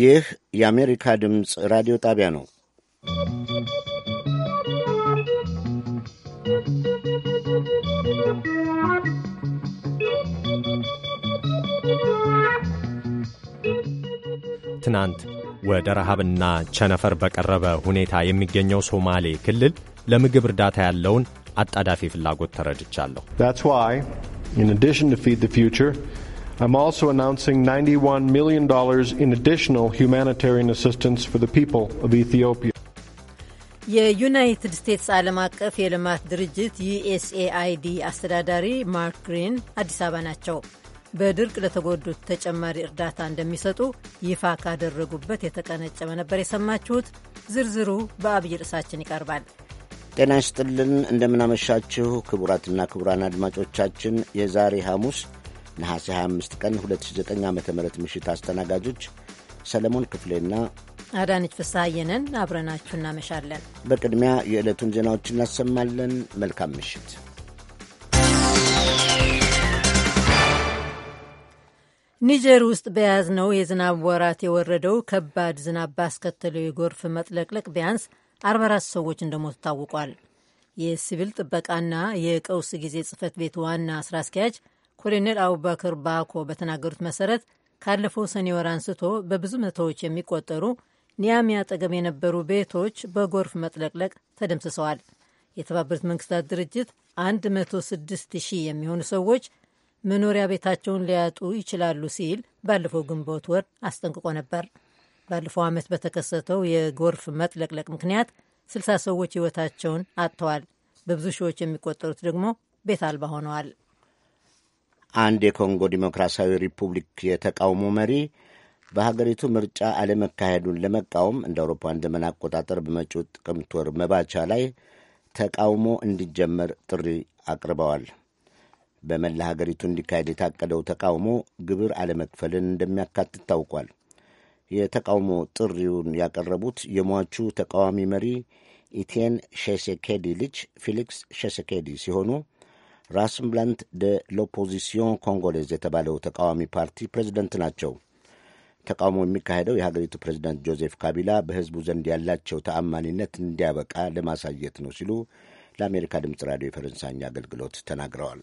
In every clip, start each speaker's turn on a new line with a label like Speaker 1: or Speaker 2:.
Speaker 1: ይህ የአሜሪካ ድምፅ ራዲዮ ጣቢያ ነው።
Speaker 2: ትናንት ወደ ረሃብና ቸነፈር በቀረበ ሁኔታ የሚገኘው ሶማሌ ክልል ለምግብ እርዳታ ያለውን አጣዳፊ ፍላጎት ተረድቻለሁ።
Speaker 3: I'm also announcing $91 million in additional humanitarian assistance for the people of Ethiopia.
Speaker 4: የዩናይትድ ስቴትስ ዓለም አቀፍ የልማት ድርጅት ዩኤስኤአይዲ አስተዳዳሪ ማርክ ግሪን አዲስ አበባ ናቸው። በድርቅ ለተጎዱት ተጨማሪ እርዳታ እንደሚሰጡ ይፋ ካደረጉበት የተቀነጨበ ነበር የሰማችሁት። ዝርዝሩ በአብይ ርዕሳችን ይቀርባል።
Speaker 1: ጤና ይስጥልን፣ እንደምናመሻችሁ ክቡራትና ክቡራን አድማጮቻችን የዛሬ ሐሙስ ነሐሴ 25 ቀን 2009 ዓ ም ምሽት አስተናጋጆች ሰለሞን ክፍሌና
Speaker 4: አዳነች ፍስሐየንን አብረናችሁ እናመሻለን።
Speaker 1: በቅድሚያ የዕለቱን ዜናዎች እናሰማለን። መልካም ምሽት።
Speaker 4: ኒጀር ውስጥ በያዝነው የዝናብ ወራት የወረደው ከባድ ዝናብ ባስከተለው የጎርፍ መጥለቅለቅ ቢያንስ 44 ሰዎች እንደሞቱ ታውቋል። የሲቪል ጥበቃና የቀውስ ጊዜ ጽህፈት ቤት ዋና ስራ አስኪያጅ ኮሎኔል አቡበክር ባኮ በተናገሩት መሰረት ካለፈው ሰኔ ወር አንስቶ በብዙ መቶዎች የሚቆጠሩ ኒያሚ አጠገብ የነበሩ ቤቶች በጎርፍ መጥለቅለቅ ተደምስሰዋል። የተባበሩት መንግስታት ድርጅት 106 ሺህ የሚሆኑ ሰዎች መኖሪያ ቤታቸውን ሊያጡ ይችላሉ ሲል ባለፈው ግንቦት ወር አስጠንቅቆ ነበር። ባለፈው ዓመት በተከሰተው የጎርፍ መጥለቅለቅ ምክንያት 60 ሰዎች ሕይወታቸውን አጥተዋል። በብዙ ሺዎች የሚቆጠሩት ደግሞ ቤት አልባ ሆነዋል።
Speaker 1: አንድ የኮንጎ ዲሞክራሲያዊ ሪፑብሊክ የተቃውሞ መሪ በሀገሪቱ ምርጫ አለመካሄዱን ለመቃወም እንደ አውሮፓውያን ዘመን አቆጣጠር በመጪው ጥቅምት ወር መባቻ ላይ ተቃውሞ እንዲጀመር ጥሪ አቅርበዋል። በመላ ሀገሪቱ እንዲካሄድ የታቀደው ተቃውሞ ግብር አለመክፈልን እንደሚያካትት ታውቋል። የተቃውሞ ጥሪውን ያቀረቡት የሟቹ ተቃዋሚ መሪ ኢቴን ሼሴኬዲ ልጅ ፊሊክስ ሼሴኬዲ ሲሆኑ ራስምብላንት ደ ሎፖዚሲዮን ኮንጎሌዝ የተባለው ተቃዋሚ ፓርቲ ፕሬዚደንት ናቸው። ተቃውሞ የሚካሄደው የሀገሪቱ ፕሬዚዳንት ጆዜፍ ካቢላ በሕዝቡ ዘንድ ያላቸው ተአማኒነት እንዲያበቃ ለማሳየት ነው ሲሉ ለአሜሪካ ድምፅ ራዲዮ የፈረንሳይኛ አገልግሎት ተናግረዋል።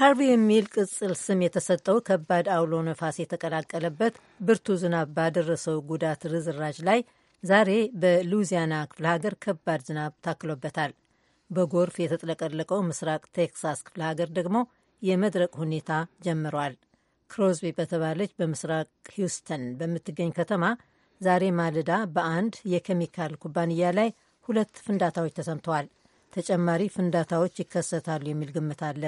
Speaker 4: ሃርቪ የሚል ቅጽል ስም የተሰጠው ከባድ አውሎ ነፋስ የተቀላቀለበት ብርቱ ዝናብ ባደረሰው ጉዳት ርዝራጅ ላይ ዛሬ በሉዚያና ክፍለ ሀገር ከባድ ዝናብ ታክሎበታል። በጎርፍ የተጥለቀለቀው ምስራቅ ቴክሳስ ክፍለ ሀገር ደግሞ የመድረቅ ሁኔታ ጀምሯል። ክሮዝቢ በተባለች በምስራቅ ሂውስተን በምትገኝ ከተማ ዛሬ ማለዳ በአንድ የኬሚካል ኩባንያ ላይ ሁለት ፍንዳታዎች ተሰምተዋል። ተጨማሪ ፍንዳታዎች ይከሰታሉ የሚል ግምት አለ።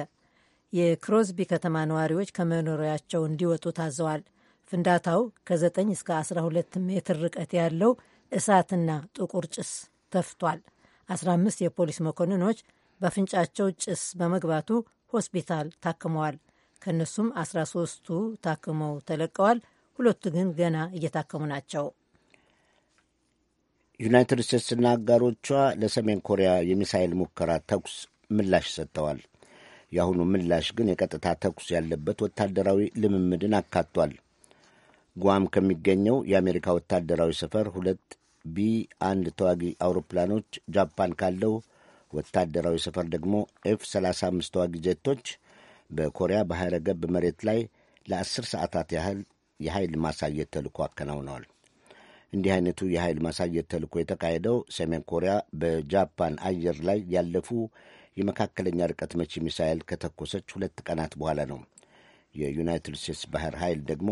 Speaker 4: የክሮዝቢ ከተማ ነዋሪዎች ከመኖሪያቸው እንዲወጡ ታዘዋል። ፍንዳታው ከ9 እስከ 12 ሜትር ርቀት ያለው እሳትና ጥቁር ጭስ ተፍቷል። 15 የፖሊስ መኮንኖች በአፍንጫቸው ጭስ በመግባቱ ሆስፒታል ታክመዋል። ከእነሱም 13ቱ ታክመው ተለቀዋል። ሁለቱ ግን ገና እየታከሙ ናቸው።
Speaker 1: ዩናይትድ ስቴትስና አጋሮቿ ለሰሜን ኮሪያ የሚሳይል ሙከራ ተኩስ ምላሽ ሰጥተዋል። የአሁኑ ምላሽ ግን የቀጥታ ተኩስ ያለበት ወታደራዊ ልምምድን አካቷል። ጓም ከሚገኘው የአሜሪካ ወታደራዊ ሰፈር ሁለት ቢ አንድ ተዋጊ አውሮፕላኖች ጃፓን ካለው ወታደራዊ ሰፈር ደግሞ ኤፍ 35 ተዋጊ ጀቶች በኮሪያ ባሕረ ገብ መሬት ላይ ለአስር ሰዓታት ያህል የኃይል ማሳየት ተልእኮ አከናውነዋል። እንዲህ አይነቱ የኃይል ማሳየት ተልእኮ የተካሄደው ሰሜን ኮሪያ በጃፓን አየር ላይ ያለፉ የመካከለኛ ርቀት መቺ ሚሳይል ከተኮሰች ሁለት ቀናት በኋላ ነው። የዩናይትድ ስቴትስ ባህር ኃይል ደግሞ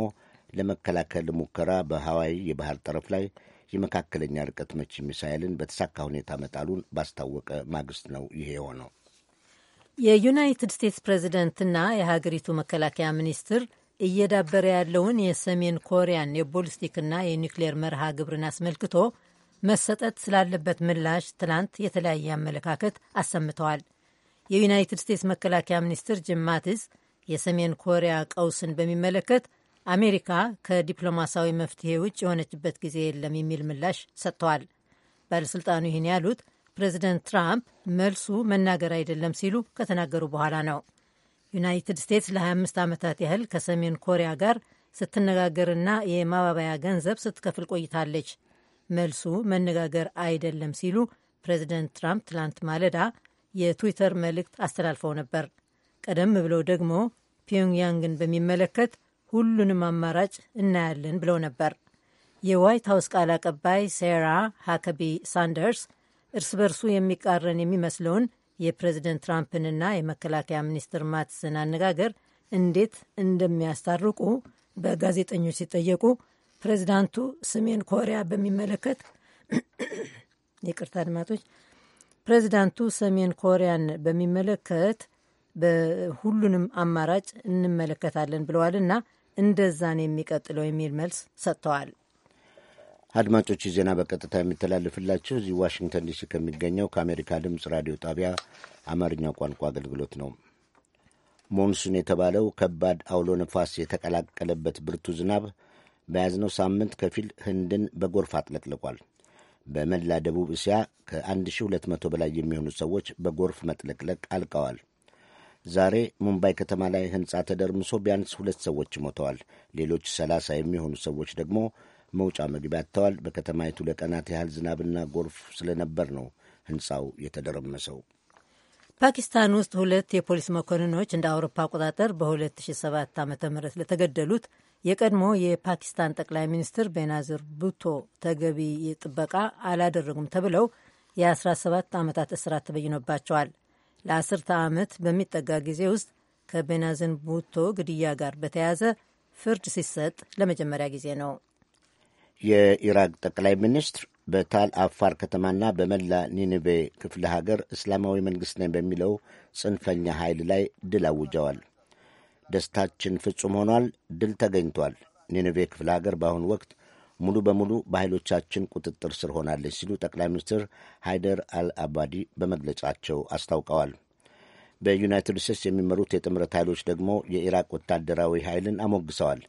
Speaker 1: ለመከላከል ሙከራ በሐዋይ የባህር ጠረፍ ላይ የመካከለኛ ርቀት መቺ ሚሳይልን በተሳካ ሁኔታ መጣሉን ባስታወቀ ማግስት ነው ይሄ የሆነው።
Speaker 4: የዩናይትድ ስቴትስ ፕሬዚደንትና የሀገሪቱ መከላከያ ሚኒስትር እየዳበረ ያለውን የሰሜን ኮሪያን የቦሊስቲክና የኒውክሌር መርሃ ግብርን አስመልክቶ መሰጠት ስላለበት ምላሽ ትናንት የተለያየ አመለካከት አሰምተዋል። የዩናይትድ ስቴትስ መከላከያ ሚኒስትር ጅም ማቲስ የሰሜን ኮሪያ ቀውስን በሚመለከት አሜሪካ ከዲፕሎማሲያዊ መፍትሄ ውጭ የሆነችበት ጊዜ የለም የሚል ምላሽ ሰጥተዋል። ባለሥልጣኑ ይህን ያሉት ፕሬዚደንት ትራምፕ መልሱ መናገር አይደለም ሲሉ ከተናገሩ በኋላ ነው። ዩናይትድ ስቴትስ ለ25 ዓመታት ያህል ከሰሜን ኮሪያ ጋር ስትነጋገርና የማባባያ ገንዘብ ስትከፍል ቆይታለች። መልሱ መነጋገር አይደለም ሲሉ ፕሬዚደንት ትራምፕ ትላንት ማለዳ የትዊተር መልእክት አስተላልፈው ነበር። ቀደም ብለው ደግሞ ፒዮንግያንግን በሚመለከት ሁሉንም አማራጭ እናያለን ብለው ነበር። የዋይት ሀውስ ቃል አቀባይ ሴራ ሃከቢ ሳንደርስ እርስ በርሱ የሚቃረን የሚመስለውን የፕሬዚደንት ትራምፕንና የመከላከያ ሚኒስትር ማትስን አነጋገር እንዴት እንደሚያስታርቁ በጋዜጠኞች ሲጠየቁ ፕሬዚዳንቱ ሰሜን ኮሪያ በሚመለከት ይቅርታ አድማጮች፣ ፕሬዚዳንቱ ሰሜን ኮሪያን በሚመለከት ሁሉንም አማራጭ እንመለከታለን ብለዋልና እንደዛን የሚቀጥለው የሚል መልስ ሰጥተዋል።
Speaker 1: አድማጮች ዜና በቀጥታ የሚተላለፍላችሁ እዚህ ዋሽንግተን ዲሲ ከሚገኘው ከአሜሪካ ድምፅ ራዲዮ ጣቢያ አማርኛ ቋንቋ አገልግሎት ነው። ሞንሱን የተባለው ከባድ አውሎ ነፋስ የተቀላቀለበት ብርቱ ዝናብ በያዝነው ሳምንት ከፊል ህንድን በጎርፍ አጥለቅልቋል። በመላ ደቡብ እስያ ከ1200 በላይ የሚሆኑ ሰዎች በጎርፍ መጥለቅለቅ አልቀዋል። ዛሬ ሙምባይ ከተማ ላይ ህንጻ ተደርምሶ ቢያንስ ሁለት ሰዎች ሞተዋል። ሌሎች ሰላሳ የሚሆኑ ሰዎች ደግሞ መውጫ መግቢያ አጥተዋል። በከተማይቱ ለቀናት ያህል ዝናብና ጎርፍ ስለነበር ነው ህንጻው የተደረመሰው።
Speaker 4: ፓኪስታን ውስጥ ሁለት የፖሊስ መኮንኖች እንደ አውሮፓ አቆጣጠር በ2007 ዓ ም ለተገደሉት የቀድሞ የፓኪስታን ጠቅላይ ሚኒስትር ቤናዝር ቡቶ ተገቢ ጥበቃ አላደረጉም ተብለው የ17 ዓመታት እስራት ተበይኖባቸዋል። ለአስርተ ዓመት በሚጠጋ ጊዜ ውስጥ ከቤናዝን ቡቶ ግድያ ጋር በተያያዘ ፍርድ ሲሰጥ ለመጀመሪያ ጊዜ ነው።
Speaker 1: የኢራቅ ጠቅላይ ሚኒስትር በታል አፋር ከተማና በመላ ኒኒቬ ክፍለ ሀገር እስላማዊ መንግሥት ነኝ በሚለው ጽንፈኛ ኃይል ላይ ድል አውጀዋል። ደስታችን ፍጹም ሆኗል። ድል ተገኝቷል። ኒኒቬ ክፍለ ሀገር በአሁኑ ወቅት ሙሉ በሙሉ በኃይሎቻችን ቁጥጥር ስር ሆናለች ሲሉ ጠቅላይ ሚኒስትር ሃይደር አልአባዲ በመግለጫቸው አስታውቀዋል። በዩናይትድ ስቴትስ የሚመሩት የጥምረት ኃይሎች ደግሞ የኢራቅ ወታደራዊ ኃይልን አሞግሰዋል።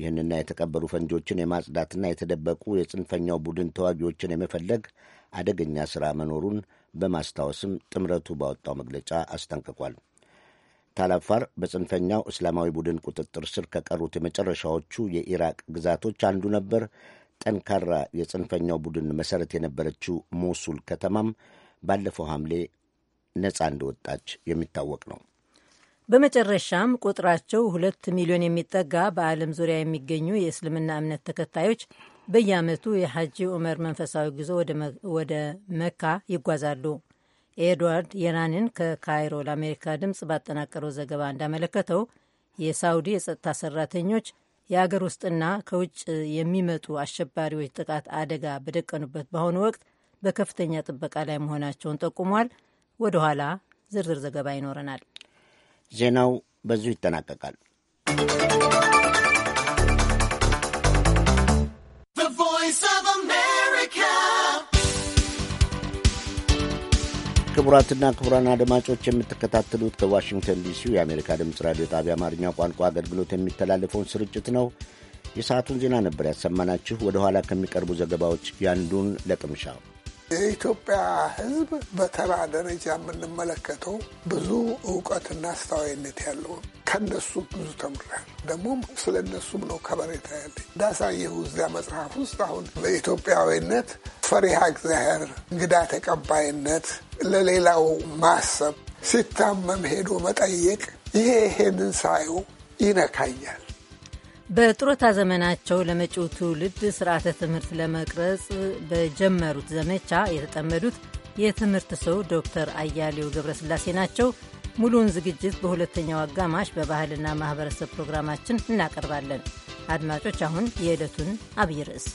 Speaker 1: ይህንና የተቀበሩ ፈንጂዎችን የማጽዳትና የተደበቁ የጽንፈኛው ቡድን ተዋጊዎችን የመፈለግ አደገኛ ሥራ መኖሩን በማስታወስም ጥምረቱ ባወጣው መግለጫ አስጠንቅቋል። ታላፋር በጽንፈኛው እስላማዊ ቡድን ቁጥጥር ስር ከቀሩት የመጨረሻዎቹ የኢራቅ ግዛቶች አንዱ ነበር። ጠንካራ የጽንፈኛው ቡድን መሠረት የነበረችው ሞሱል ከተማም ባለፈው ሐምሌ ነፃ እንደወጣች የሚታወቅ ነው።
Speaker 4: በመጨረሻም ቁጥራቸው ሁለት ሚሊዮን የሚጠጋ በዓለም ዙሪያ የሚገኙ የእስልምና እምነት ተከታዮች በየዓመቱ የሐጂ ዑመር መንፈሳዊ ጉዞ ወደ መካ ይጓዛሉ። ኤድዋርድ የራንን ከካይሮ ለአሜሪካ ድምፅ ባጠናቀረው ዘገባ እንዳመለከተው የሳውዲ የጸጥታ ሰራተኞች የአገር ውስጥና ከውጭ የሚመጡ አሸባሪዎች ጥቃት አደጋ በደቀኑበት በአሁኑ ወቅት በከፍተኛ ጥበቃ ላይ መሆናቸውን ጠቁሟል። ወደ ኋላ ዝርዝር ዘገባ ይኖረናል።
Speaker 1: ዜናው በዚሁ ይጠናቀቃል። ክቡራትና ክቡራን አድማጮች የምትከታተሉት ከዋሽንግተን ዲሲ የአሜሪካ ድምፅ ራዲዮ ጣቢያ አማርኛ ቋንቋ አገልግሎት የሚተላለፈውን ስርጭት ነው። የሰዓቱን ዜና ነበር ያሰማናችሁ። ወደ ኋላ ከሚቀርቡ ዘገባዎች ያንዱን ለቅምሻው
Speaker 5: የኢትዮጵያ ሕዝብ በተራ ደረጃ የምንመለከተው ብዙ እውቀትና አስተዋይነት ያለውን ከነሱ ብዙ ተምሬያለሁ። ደግሞም ስለ እነሱም ነው ከበሬታ ያለኝ። እንዳሳየሁ እዚያ መጽሐፍ ውስጥ አሁን በኢትዮጵያዊነት ፈሪሃ እግዚአብሔር፣ እንግዳ ተቀባይነት፣ ለሌላው ማሰብ፣ ሲታመም ሄዶ መጠየቅ፣ ይሄ ይሄንን ሳየው ይነካኛል።
Speaker 4: በጡረታ ዘመናቸው ለመጪው ትውልድ ስርዓተ ትምህርት ለመቅረጽ በጀመሩት ዘመቻ የተጠመዱት የትምህርት ሰው ዶክተር አያሌው ገብረስላሴ ናቸው። ሙሉውን ዝግጅት በሁለተኛው አጋማሽ በባህልና ማህበረሰብ ፕሮግራማችን እናቀርባለን። አድማጮች፣ አሁን የዕለቱን አብይ ርዕስ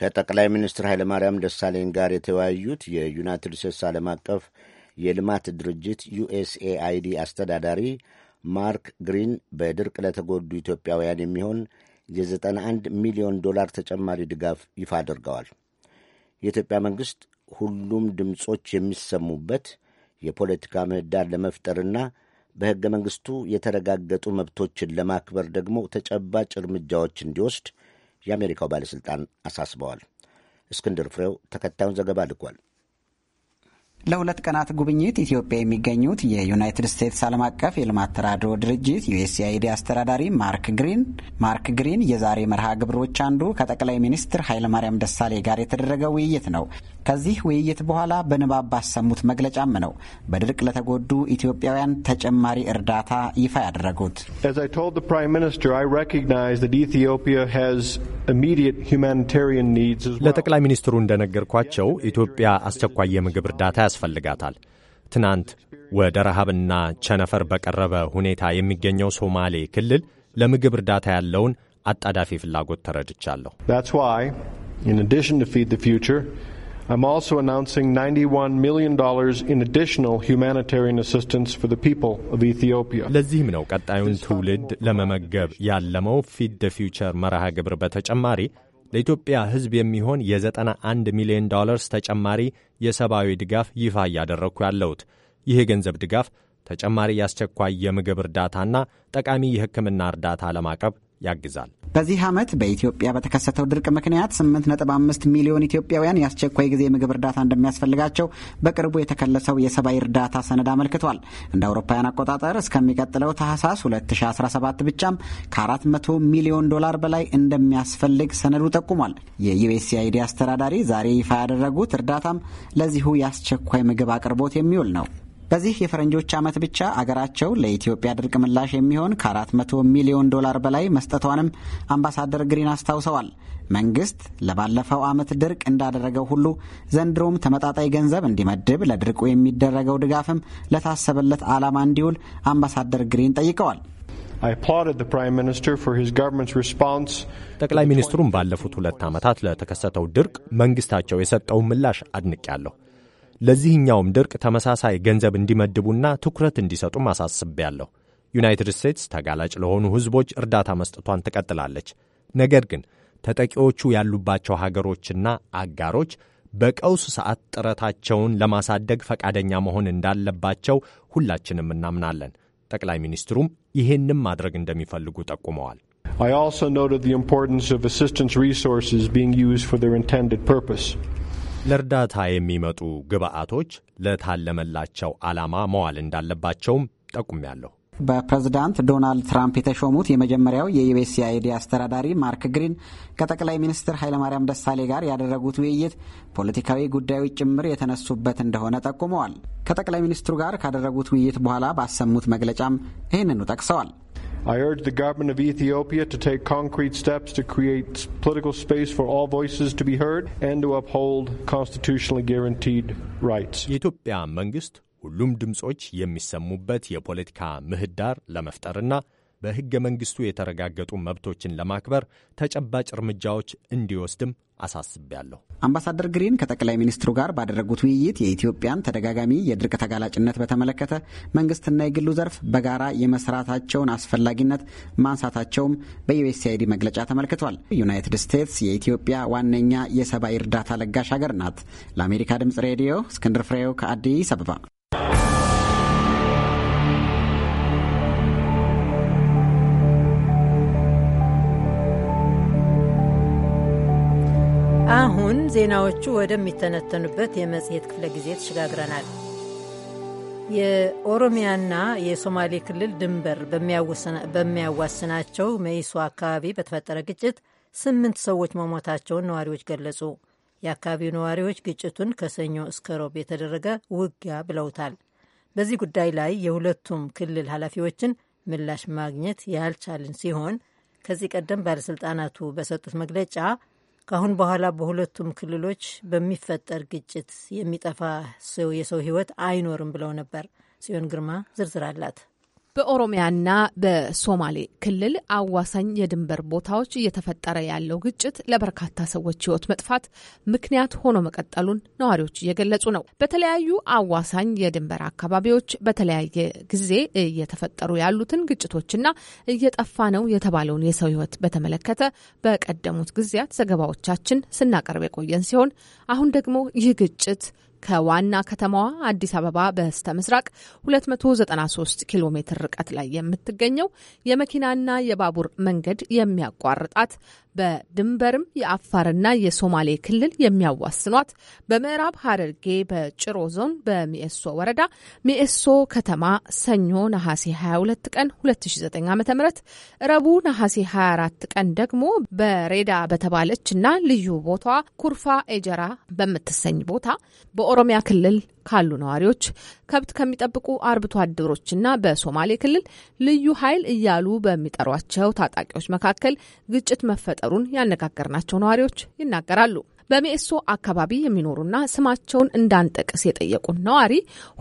Speaker 1: ከጠቅላይ ሚኒስትር ኃይለማርያም ደሳለኝ ጋር የተወያዩት የዩናይትድ ስቴትስ ዓለም አቀፍ የልማት ድርጅት ዩኤስኤአይዲ አስተዳዳሪ ማርክ ግሪን በድርቅ ለተጎዱ ኢትዮጵያውያን የሚሆን የ91 ሚሊዮን ዶላር ተጨማሪ ድጋፍ ይፋ አድርገዋል። የኢትዮጵያ መንግሥት ሁሉም ድምፆች የሚሰሙበት የፖለቲካ ምህዳር ለመፍጠርና በሕገ መንግሥቱ የተረጋገጡ መብቶችን ለማክበር ደግሞ ተጨባጭ እርምጃዎች እንዲወስድ የአሜሪካው ባለሥልጣን አሳስበዋል። እስክንድር ፍሬው ተከታዩን ዘገባ ልኳል።
Speaker 6: ለሁለት ቀናት ጉብኝት ኢትዮጵያ የሚገኙት የዩናይትድ ስቴትስ ዓለም አቀፍ የልማት ተራድሮ ድርጅት ዩኤስአይዲ አስተዳዳሪ ማርክ ግሪን ማርክ ግሪን የዛሬ መርሃ ግብሮች አንዱ ከጠቅላይ ሚኒስትር ኃይለማርያም ደሳሌ ጋር የተደረገ ውይይት ነው። ከዚህ ውይይት በኋላ በንባብ ባሰሙት መግለጫም ነው በድርቅ ለተጎዱ ኢትዮጵያውያን ተጨማሪ እርዳታ ይፋ ያደረጉት።
Speaker 2: ለጠቅላይ ሚኒስትሩ እንደነገርኳቸው ኢትዮጵያ አስቸኳይ የምግብ እርዳታ ያስፈልጋታል። ትናንት ወደ ረሃብና ቸነፈር በቀረበ ሁኔታ የሚገኘው ሶማሌ ክልል ለምግብ እርዳታ ያለውን አጣዳፊ ፍላጎት ተረድቻለሁ።
Speaker 3: I'm also announcing $91 million in additional humanitarian assistance
Speaker 2: for the people of Ethiopia. ለዚህም ነው ቀጣዩን ትውልድ ለመመገብ ያለመው ፊድ ደ ፊውቸር መርሃ ግብር በተጨማሪ ለኢትዮጵያ ሕዝብ የሚሆን የ91 ሚሊዮን ዶላርስ ተጨማሪ የሰብአዊ ድጋፍ ይፋ እያደረግኩ ያለሁት። ይህ የገንዘብ ድጋፍ ተጨማሪ የአስቸኳይ የምግብ እርዳታና ጠቃሚ የሕክምና እርዳታ ለማቅረብ ያግዛል።
Speaker 6: በዚህ ዓመት በኢትዮጵያ በተከሰተው ድርቅ ምክንያት 8.5 ሚሊዮን ኢትዮጵያውያን የአስቸኳይ ጊዜ የምግብ እርዳታ እንደሚያስፈልጋቸው በቅርቡ የተከለሰው የሰብአዊ እርዳታ ሰነድ አመልክቷል። እንደ አውሮፓውያን አቆጣጠር እስከሚቀጥለው ታህሳስ 2017 ብቻም ከ400 ሚሊዮን ዶላር በላይ እንደሚያስፈልግ ሰነዱ ጠቁሟል። የዩኤስአይዲ አስተዳዳሪ ዛሬ ይፋ ያደረጉት እርዳታም ለዚሁ የአስቸኳይ ምግብ አቅርቦት የሚውል ነው። በዚህ የፈረንጆች ዓመት ብቻ አገራቸው ለኢትዮጵያ ድርቅ ምላሽ የሚሆን ከ400 ሚሊዮን ዶላር በላይ መስጠቷንም አምባሳደር ግሪን አስታውሰዋል። መንግስት ለባለፈው ዓመት ድርቅ እንዳደረገው ሁሉ ዘንድሮም ተመጣጣይ ገንዘብ እንዲመድብ ለድርቁ የሚደረገው ድጋፍም ለታሰበለት ዓላማ እንዲውል አምባሳደር ግሪን ጠይቀዋል።
Speaker 2: ጠቅላይ ሚኒስትሩም ባለፉት ሁለት ዓመታት ለተከሰተው ድርቅ መንግስታቸው የሰጠውን ምላሽ ያለሁ። ለዚህኛውም ድርቅ ተመሳሳይ ገንዘብ እንዲመድቡና ትኩረት እንዲሰጡም አሳስቤያለሁ። ዩናይትድ ስቴትስ ተጋላጭ ለሆኑ ሕዝቦች እርዳታ መስጠቷን ትቀጥላለች። ነገር ግን ተጠቂዎቹ ያሉባቸው ሀገሮችና አጋሮች በቀውስ ሰዓት ጥረታቸውን ለማሳደግ ፈቃደኛ መሆን እንዳለባቸው ሁላችንም እናምናለን። ጠቅላይ ሚኒስትሩም ይህንም ማድረግ እንደሚፈልጉ ጠቁመዋል።
Speaker 3: I also noted the importance of assistance resources being used for their intended purpose.
Speaker 2: ለእርዳታ የሚመጡ ግብአቶች ለታለመላቸው ዓላማ መዋል እንዳለባቸውም ጠቁሚያለሁ
Speaker 6: በፕሬዝዳንት ዶናልድ ትራምፕ የተሾሙት የመጀመሪያው የዩኤስአይዲ አስተዳዳሪ ማርክ ግሪን ከጠቅላይ ሚኒስትር ኃይለማርያም ደሳሌ ጋር ያደረጉት ውይይት ፖለቲካዊ ጉዳዮች ጭምር የተነሱበት እንደሆነ ጠቁመዋል። ከጠቅላይ ሚኒስትሩ ጋር ካደረጉት ውይይት በኋላ ባሰሙት መግለጫም ይህንኑ ጠቅሰዋል። I urge the government of Ethiopia to take
Speaker 3: concrete steps to create political space for all voices to be heard and to uphold
Speaker 2: constitutionally guaranteed rights. የኢትዮጵያ መንግስት ሁሉም ድምጾች የሚሰሙበት የፖለቲካ ምህዳር ለመፍጠርና በሕገ መንግሥቱ የተረጋገጡ መብቶችን ለማክበር ተጨባጭ እርምጃዎች እንዲወስድም አሳስቤያለሁ።
Speaker 6: አምባሳደር ግሪን ከጠቅላይ ሚኒስትሩ ጋር ባደረጉት ውይይት የኢትዮጵያን ተደጋጋሚ የድርቅ ተጋላጭነት በተመለከተ መንግስትና የግሉ ዘርፍ በጋራ የመስራታቸውን አስፈላጊነት ማንሳታቸውም በዩኤስአይዲ መግለጫ ተመልክቷል። ዩናይትድ ስቴትስ የኢትዮጵያ ዋነኛ የሰብአዊ እርዳታ ለጋሽ ሀገር ናት። ለአሜሪካ ድምጽ ሬዲዮ እስክንድር ፍሬው ከአዲስ አበባ
Speaker 4: አሁን ዜናዎቹ ወደሚተነተኑበት የመጽሔት ክፍለ ጊዜ ተሸጋግረናል። የኦሮሚያና የሶማሌ ክልል ድንበር በሚያዋስናቸው መይሶ አካባቢ በተፈጠረ ግጭት ስምንት ሰዎች መሞታቸውን ነዋሪዎች ገለጹ። የአካባቢው ነዋሪዎች ግጭቱን ከሰኞ እስከ ሮብ የተደረገ ውጊያ ብለውታል። በዚህ ጉዳይ ላይ የሁለቱም ክልል ኃላፊዎችን ምላሽ ማግኘት ያልቻልን ሲሆን ከዚህ ቀደም ባለሥልጣናቱ በሰጡት መግለጫ ከአሁን በኋላ በሁለቱም ክልሎች በሚፈጠር ግጭት የሚጠፋ የሰው ህይወት አይኖርም ብለው ነበር። ጽዮን ግርማ
Speaker 7: ዝርዝር አላት። በኦሮሚያና በሶማሌ ክልል አዋሳኝ የድንበር ቦታዎች እየተፈጠረ ያለው ግጭት ለበርካታ ሰዎች ሕይወት መጥፋት ምክንያት ሆኖ መቀጠሉን ነዋሪዎች እየገለጹ ነው። በተለያዩ አዋሳኝ የድንበር አካባቢዎች በተለያየ ጊዜ እየተፈጠሩ ያሉትን ግጭቶችና እየጠፋ ነው የተባለውን የሰው ሕይወት በተመለከተ በቀደሙት ጊዜያት ዘገባዎቻችን ስናቀርብ የቆየን ሲሆን አሁን ደግሞ ይህ ግጭት ከዋና ከተማዋ አዲስ አበባ በስተ ምስራቅ 293 ኪሎ ሜትር ርቀት ላይ የምትገኘው የመኪናና የባቡር መንገድ የሚያቋርጣት በድንበርም የአፋርና የሶማሌ ክልል የሚያዋስኗት በምዕራብ ሀረርጌ በጭሮ ዞን በሚኤሶ ወረዳ ሚኤሶ ከተማ ሰኞ ነሐሴ 22 ቀን 2009 ዓ ም ረቡ ነሐሴ 24 ቀን ደግሞ በሬዳ በተባለች እና ልዩ ቦታ ኩርፋ ኤጀራ በምትሰኝ ቦታ በኦሮሚያ ክልል ካሉ ነዋሪዎች ከብት ከሚጠብቁ አርብቶ አደሮችና በሶማሌ ክልል ልዩ ኃይል እያሉ በሚጠሯቸው ታጣቂዎች መካከል ግጭት መፈጠ መፈጠሩን ያነጋገርናቸው ነዋሪዎች ይናገራሉ። በሚኤሶ አካባቢ የሚኖሩና ስማቸውን እንዳንጠቅስ የጠየቁን ነዋሪ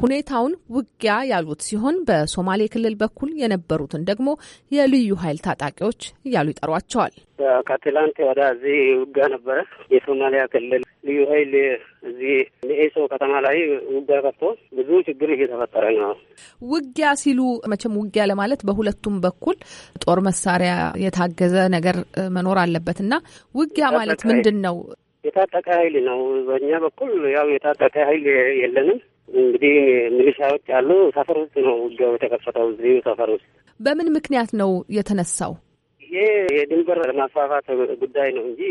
Speaker 7: ሁኔታውን ውጊያ ያሉት ሲሆን በሶማሌ ክልል በኩል የነበሩትን ደግሞ የልዩ ኃይል ታጣቂዎች እያሉ ይጠሯቸዋል።
Speaker 8: ከትላንት ወደ እዚህ ውጊያ ነበረ። የሶማሊያ ክልል ልዩ ኃይል እዚህ ሜሶ ከተማ ላይ ውጊያ ከቶ ብዙ ችግር እየተፈጠረ ነው።
Speaker 7: ውጊያ ሲሉ መቼም ውጊያ ለማለት በሁለቱም በኩል ጦር መሳሪያ የታገዘ ነገር መኖር አለበት እና ውጊያ ማለት ምንድን ነው?
Speaker 8: የታጠቀ ኃይል ነው። በእኛ በኩል ያው የታጠቀ ኃይል የለንም። እንግዲህ ሚሊሻዎች ያሉ ሰፈር ውስጥ ነው ውጊያው የተከፈተው፣ እዚሁ ሰፈር ውስጥ።
Speaker 7: በምን ምክንያት ነው የተነሳው?
Speaker 8: ይሄ የድንበር ማስፋፋት ጉዳይ ነው እንጂ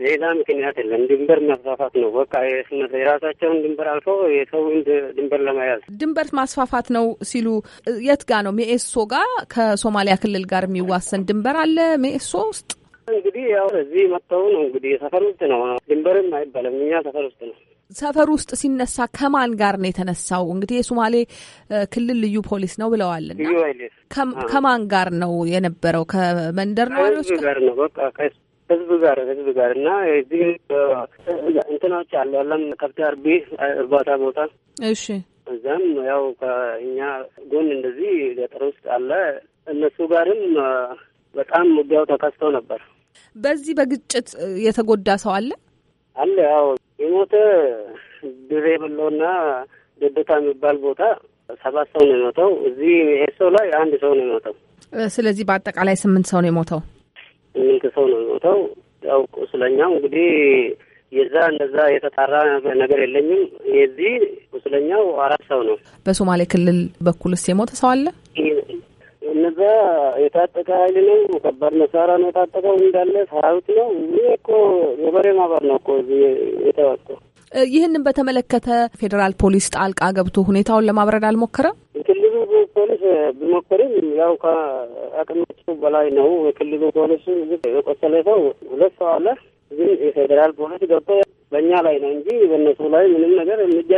Speaker 8: ሌላ ምክንያት የለም። ድንበር ማስፋፋት ነው በቃ የስነት የራሳቸውን ድንበር አልፎ የሰውን ድንበር ለመያዝ
Speaker 7: ድንበር ማስፋፋት ነው ሲሉ የት ጋ ነው? ሜኤሶ ጋር ከሶማሊያ ክልል ጋር የሚዋሰን ድንበር አለ ሜኤሶ ውስጥ
Speaker 8: እንግዲህ ያው እዚህ መጥተው ነው እንግዲህ ሰፈር ውስጥ ነው ድንበርም አይባልም እኛ ሰፈር ውስጥ ነው።
Speaker 7: ሰፈር ውስጥ ሲነሳ ከማን ጋር ነው የተነሳው? እንግዲህ የሶማሌ ክልል ልዩ ፖሊስ ነው ብለዋል። እና ከማን ጋር ነው የነበረው? ከመንደር ነዋሪዎች ጋር
Speaker 9: ነው
Speaker 8: በቃ ህዝብ ጋር ህዝብ ጋር እና እዚህ እንትኖች አሉ አለም ከብት አርቢ እርባታ ቦታ እሺ እዛም ያው ከእኛ ጎን እንደዚህ ገጠር ውስጥ አለ እነሱ ጋርም በጣም ውጊያው ተከስቶ ነበር።
Speaker 7: በዚህ በግጭት የተጎዳ ሰው አለ
Speaker 8: አለ? ያው የሞተ ድሬ ብሎና ደደታ የሚባል ቦታ ሰባት ሰው ነው የሞተው። እዚህ ይሄ ሰው ላይ አንድ ሰው ነው የሞተው።
Speaker 7: ስለዚህ በአጠቃላይ ስምንት ሰው ነው የሞተው።
Speaker 8: ስምንት ሰው ነው የሞተው። ያው ቁስለኛው እንግዲህ የዛ እንደዛ የተጣራ ነገር የለኝም። የዚህ ቁስለኛው አራት ሰው ነው።
Speaker 7: በሶማሌ ክልል በኩልስ የሞተ ሰው አለ?
Speaker 8: እነዛ የታጠቀ ኃይል ነው። ከባድ መሳሪያ ነው የታጠቀው እንዳለ ሰራዊት ነው። ይህ እኮ የበሬ ማበር ነው እኮ የተዋቀው።
Speaker 7: ይህንን በተመለከተ ፌዴራል ፖሊስ ጣልቃ ገብቶ ሁኔታውን ለማብረድ አልሞከረም።
Speaker 9: የክልሉ
Speaker 8: ፖሊስ ቢሞክርም ያው ከአቅማቸው በላይ ነው። የክልሉ ፖሊስ የቆሰለ ሰው ሁለት ሰው አለ። ግን የፌዴራል ፖሊስ ገብቶ በእኛ ላይ ነው እንጂ በእነሱ ላይ ምንም ነገር እርምጃ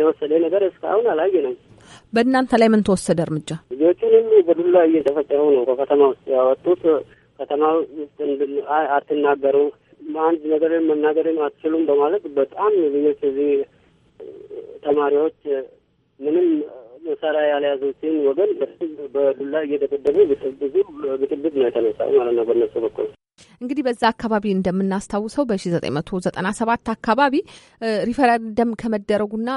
Speaker 8: የወሰደ ነገር እስካሁን ነው።
Speaker 7: በእናንተ ላይ ምን ተወሰደ እርምጃ?
Speaker 8: ልጆቹን በዱላ እየጨፈጨፉ ነው ከከተማ ውስጥ ያወጡት። ከተማ ውስጥ አትናገሩ፣ አንድ ነገርን መናገርን አትችሉም በማለት በጣም ልጆች እዚህ ተማሪዎች ምንም መሳሪያ ያልያዙትን ወገን በዱላ እየደበደቡ ብጥብጥ ነው የተነሳ ማለት ነው በነሱ በኩል
Speaker 7: እንግዲህ በዛ አካባቢ እንደምናስታውሰው በ1997 አካባቢ ሪፈረንደም ከመደረጉና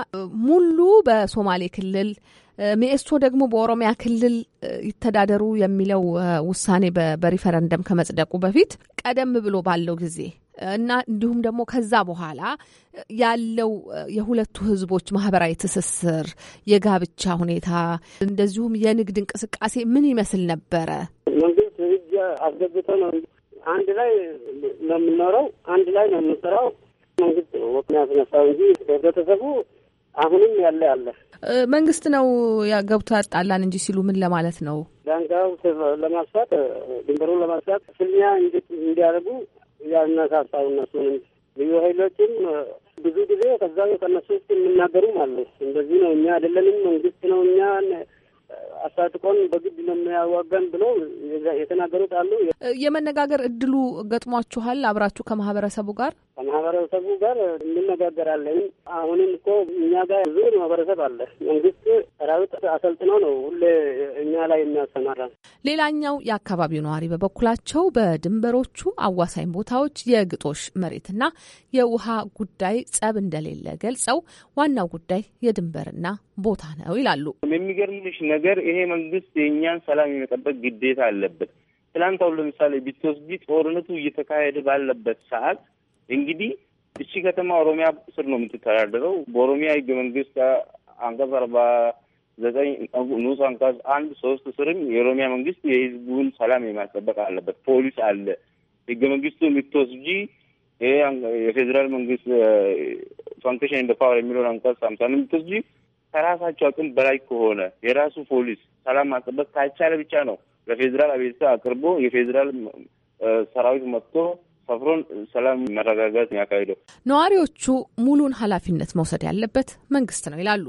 Speaker 7: ሙሉ በሶማሌ ክልል ሚኤሶ ደግሞ በኦሮሚያ ክልል ይተዳደሩ የሚለው ውሳኔ በሪፈረንደም ከመጽደቁ በፊት ቀደም ብሎ ባለው ጊዜ እና እንዲሁም ደግሞ ከዛ በኋላ ያለው የሁለቱ ህዝቦች ማህበራዊ ትስስር፣ የጋብቻ ሁኔታ፣ እንደዚሁም የንግድ እንቅስቃሴ ምን ይመስል ነበረ?
Speaker 8: መንግስት ህግ አስገብተ ነው አንድ ላይ ነው የምንኖረው፣ አንድ ላይ ነው የምንሰራው። መንግስት ወቅን ያስነሳው እንጂ ህብረተሰቡ አሁንም ያለ ያለ
Speaker 7: መንግስት ነው ገብቶ ያጣላን እንጂ ሲሉ ምን ለማለት ነው?
Speaker 8: ዳንጋው ለማስፋት ድንበሩን ለማስፋት ፍልሚያ እንዲያደርጉ ያነሳሳው እነሱንም ልዩ ኃይሎችም ብዙ ጊዜ ከዛ ከነሱ ውስጥ የሚናገሩም አሉ። እንደዚህ ነው እኛ አይደለንም መንግስት ነው እኛ አስታጥቆን በግድ ነው የሚያዋጋን ብሎ የተናገሩት አሉ።
Speaker 7: የመነጋገር እድሉ ገጥሟችኋል አብራችሁ ከማህበረሰቡ ጋር?
Speaker 8: ከማህበረሰቡ ጋር እንነጋገራለን። አሁንም እኮ እኛ ጋር ብዙ ማህበረሰብ አለ። መንግስት ሰራዊት አሰልጥኖ ነው ሁሌ እኛ ላይ የሚያሰማራ።
Speaker 7: ሌላኛው የአካባቢው ነዋሪ በበኩላቸው በድንበሮቹ አዋሳኝ ቦታዎች የግጦሽ መሬትና የውሃ ጉዳይ ጸብ እንደሌለ ገልጸው ዋናው ጉዳይ የድንበርና ቦታ ነው ይላሉ።
Speaker 8: የሚገርምሽ ነገር ይሄ መንግስት የእኛን ሰላም የመጠበቅ ግዴታ አለበት። ትላንት አሁን ለምሳሌ ቢትወስጂ ጦርነቱ እየተካሄደ ባለበት ሰዓት እንግዲህ እቺ ከተማ ኦሮሚያ ስር ነው የምትተዳደረው። በኦሮሚያ ህገ መንግስት አንቀጽ አርባ ዘጠኝ ንዑስ አንቀጽ አንድ ሶስት ስርም የኦሮሚያ መንግስት የህዝቡን ሰላም የማስጠበቅ አለበት። ፖሊስ አለ። ህገ መንግስቱ የምትወስጂ የፌዴራል መንግስት ፋንክሽን እንደ ፓወር የሚለውን አንቀጽ ሳምሳን የምትወስጂ ከራሳቸው አቅም በላይ ከሆነ የራሱ ፖሊስ ሰላም ማስጠበቅ ካልቻለ ብቻ ነው ለፌዴራል አቤቱታ አቅርቦ የፌዴራል ሰራዊት መጥቶ ሰፍሮን ሰላም መረጋጋት የሚያካሂደው
Speaker 7: ነዋሪዎቹ ሙሉን ኃላፊነት መውሰድ ያለበት መንግስት ነው ይላሉ።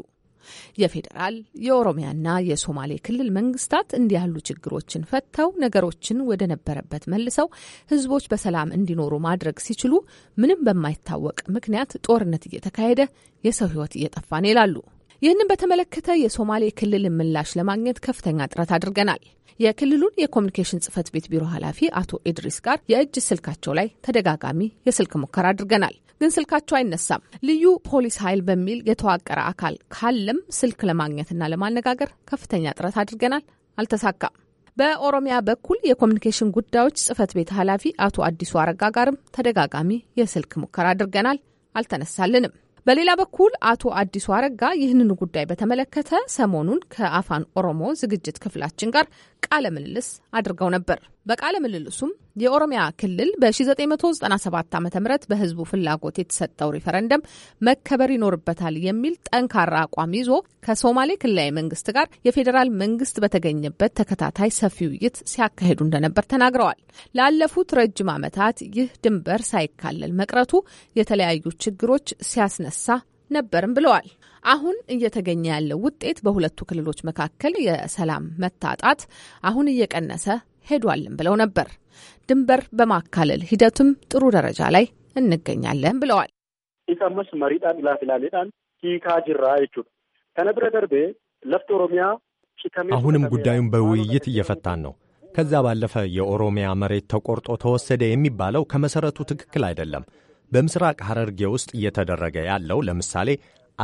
Speaker 7: የፌዴራል የኦሮሚያና የሶማሌ ክልል መንግስታት እንዲህ ያሉ ችግሮችን ፈተው ነገሮችን ወደ ነበረበት መልሰው ህዝቦች በሰላም እንዲኖሩ ማድረግ ሲችሉ ምንም በማይታወቅ ምክንያት ጦርነት እየተካሄደ የሰው ህይወት እየጠፋ ነው ይላሉ። ይህንን በተመለከተ የሶማሌ ክልል ምላሽ ለማግኘት ከፍተኛ ጥረት አድርገናል። የክልሉን የኮሚኒኬሽን ጽህፈት ቤት ቢሮ ኃላፊ አቶ ኢድሪስ ጋር የእጅ ስልካቸው ላይ ተደጋጋሚ የስልክ ሙከራ አድርገናል፣ ግን ስልካቸው አይነሳም። ልዩ ፖሊስ ኃይል በሚል የተዋቀረ አካል ካለም ስልክ ለማግኘትና ለማነጋገር ከፍተኛ ጥረት አድርገናል፣ አልተሳካም። በኦሮሚያ በኩል የኮሚኒኬሽን ጉዳዮች ጽህፈት ቤት ኃላፊ አቶ አዲሱ አረጋ ጋርም ተደጋጋሚ የስልክ ሙከራ አድርገናል፣ አልተነሳልንም። በሌላ በኩል አቶ አዲሱ አረጋ ይህንኑ ጉዳይ በተመለከተ ሰሞኑን ከአፋን ኦሮሞ ዝግጅት ክፍላችን ጋር ቃለ ምልልስ አድርገው ነበር። በቃለ ምልልሱም የኦሮሚያ ክልል በ1997 ዓ ም በህዝቡ ፍላጎት የተሰጠው ሪፈረንደም መከበር ይኖርበታል የሚል ጠንካራ አቋም ይዞ ከሶማሌ ክልላዊ መንግስት ጋር የፌዴራል መንግስት በተገኘበት ተከታታይ ሰፊ ውይይት ሲያካሂዱ እንደነበር ተናግረዋል። ላለፉት ረጅም ዓመታት ይህ ድንበር ሳይካለል መቅረቱ የተለያዩ ችግሮች ሲያስነሳ ነበርም ብለዋል። አሁን እየተገኘ ያለው ውጤት በሁለቱ ክልሎች መካከል የሰላም መታጣት አሁን እየቀነሰ ሄዷልን ብለው ነበር። ድንበር በማካለል ሂደቱም ጥሩ ደረጃ ላይ እንገኛለን ብለዋል።
Speaker 10: ኢሰመስ መሪጣን ላፊላሌዳን ሂካ ጅራ ይቹ ከነብረ ደርቤ ለፍት ኦሮሚያ አሁንም ጉዳዩን
Speaker 2: በውይይት እየፈታን ነው። ከዛ ባለፈ የኦሮሚያ መሬት ተቆርጦ ተወሰደ የሚባለው ከመሰረቱ ትክክል አይደለም። በምስራቅ ሐረርጌ ውስጥ እየተደረገ ያለው ለምሳሌ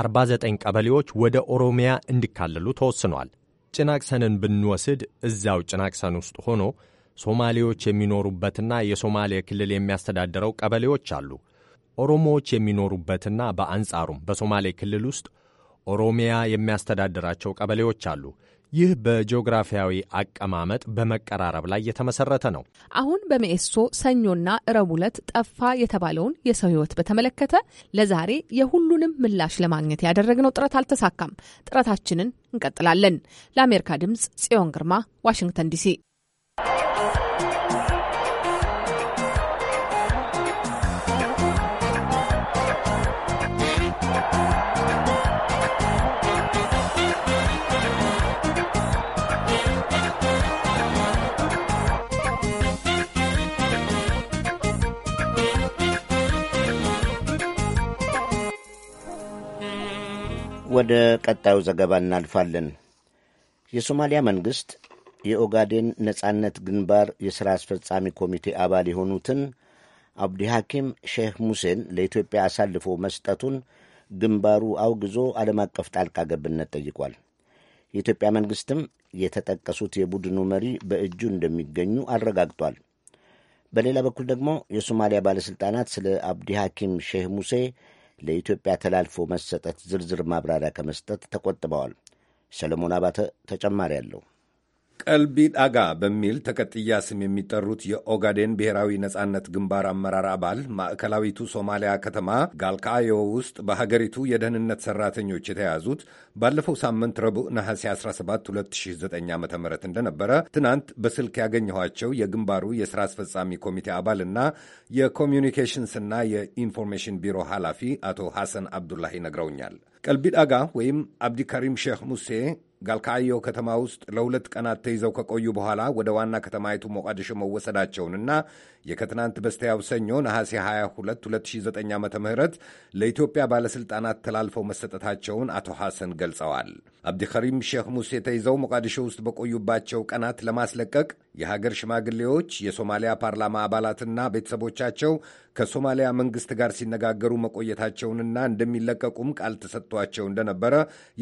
Speaker 2: 49 ቀበሌዎች ወደ ኦሮሚያ እንዲካለሉ ተወስኗል። ጭናቅሰንን ብንወስድ እዚያው ጭናቅሰን ውስጥ ሆኖ ሶማሌዎች የሚኖሩበትና የሶማሌ ክልል የሚያስተዳድረው ቀበሌዎች አሉ። ኦሮሞዎች የሚኖሩበትና በአንጻሩም በሶማሌ ክልል ውስጥ ኦሮሚያ የሚያስተዳድራቸው ቀበሌዎች አሉ። ይህ በጂኦግራፊያዊ አቀማመጥ በመቀራረብ ላይ የተመሰረተ ነው።
Speaker 7: አሁን በሚኤሶ ሰኞና ረቡዕ ዕለት ጠፋ የተባለውን የሰው ሕይወት በተመለከተ ለዛሬ የሁሉንም ምላሽ ለማግኘት ያደረግነው ጥረት አልተሳካም። ጥረታችንን እንቀጥላለን። ለአሜሪካ ድምፅ ጽዮን ግርማ፣ ዋሽንግተን ዲሲ።
Speaker 1: ወደ ቀጣዩ ዘገባ እናልፋለን። የሶማሊያ መንግሥት የኦጋዴን ነጻነት ግንባር የሥራ አስፈጻሚ ኮሚቴ አባል የሆኑትን አብዲ ሐኪም ሼህ ሙሴን ለኢትዮጵያ አሳልፎ መስጠቱን ግንባሩ አውግዞ ዓለም አቀፍ ጣልቃ ገብነት ጠይቋል። የኢትዮጵያ መንግሥትም የተጠቀሱት የቡድኑ መሪ በእጁ እንደሚገኙ አረጋግጧል። በሌላ በኩል ደግሞ የሶማሊያ ባለሥልጣናት ስለ አብዲ ሐኪም ሼህ ሙሴ ለኢትዮጵያ ተላልፎ መሰጠት ዝርዝር ማብራሪያ ከመስጠት ተቆጥበዋል። ሰለሞን አባተ ተጨማሪ አለው።
Speaker 11: ቀልቢ ዳጋ በሚል ተቀጥያ ስም የሚጠሩት የኦጋዴን ብሔራዊ ነጻነት ግንባር አመራር አባል ማዕከላዊቱ ሶማሊያ ከተማ ጋልካዮ ውስጥ በሀገሪቱ የደህንነት ሰራተኞች የተያዙት ባለፈው ሳምንት ረቡዕ ነሐሴ 17 2009 ዓ ም እንደነበረ ትናንት በስልክ ያገኘኋቸው የግንባሩ የሥራ አስፈጻሚ ኮሚቴ አባልና የኮሚኒኬሽንስና የኢንፎርሜሽን ቢሮ ኃላፊ አቶ ሐሰን አብዱላሂ ነግረውኛል። ቀልቢ ዳጋ ወይም አብዲካሪም ሼክ ሙሴ ጋልካዮ ከተማ ውስጥ ለሁለት ቀናት ተይዘው ከቆዩ በኋላ ወደ ዋና ከተማይቱ ሞቃዲሾ መወሰዳቸውንና የከትናንት በስቲያው ሰኞ ነሐሴ 22 2009 ዓ ም ለኢትዮጵያ ባለሥልጣናት ተላልፈው መሰጠታቸውን አቶ ሐሰን ገልጸዋል። አብዲከሪም ሼክ ሙሴ ተይዘው ሞቃዲሾ ውስጥ በቆዩባቸው ቀናት ለማስለቀቅ የሀገር ሽማግሌዎች፣ የሶማሊያ ፓርላማ አባላትና ቤተሰቦቻቸው ከሶማሊያ መንግሥት ጋር ሲነጋገሩ መቆየታቸውንና እንደሚለቀቁም ቃል ተሰጥቷቸው እንደነበረ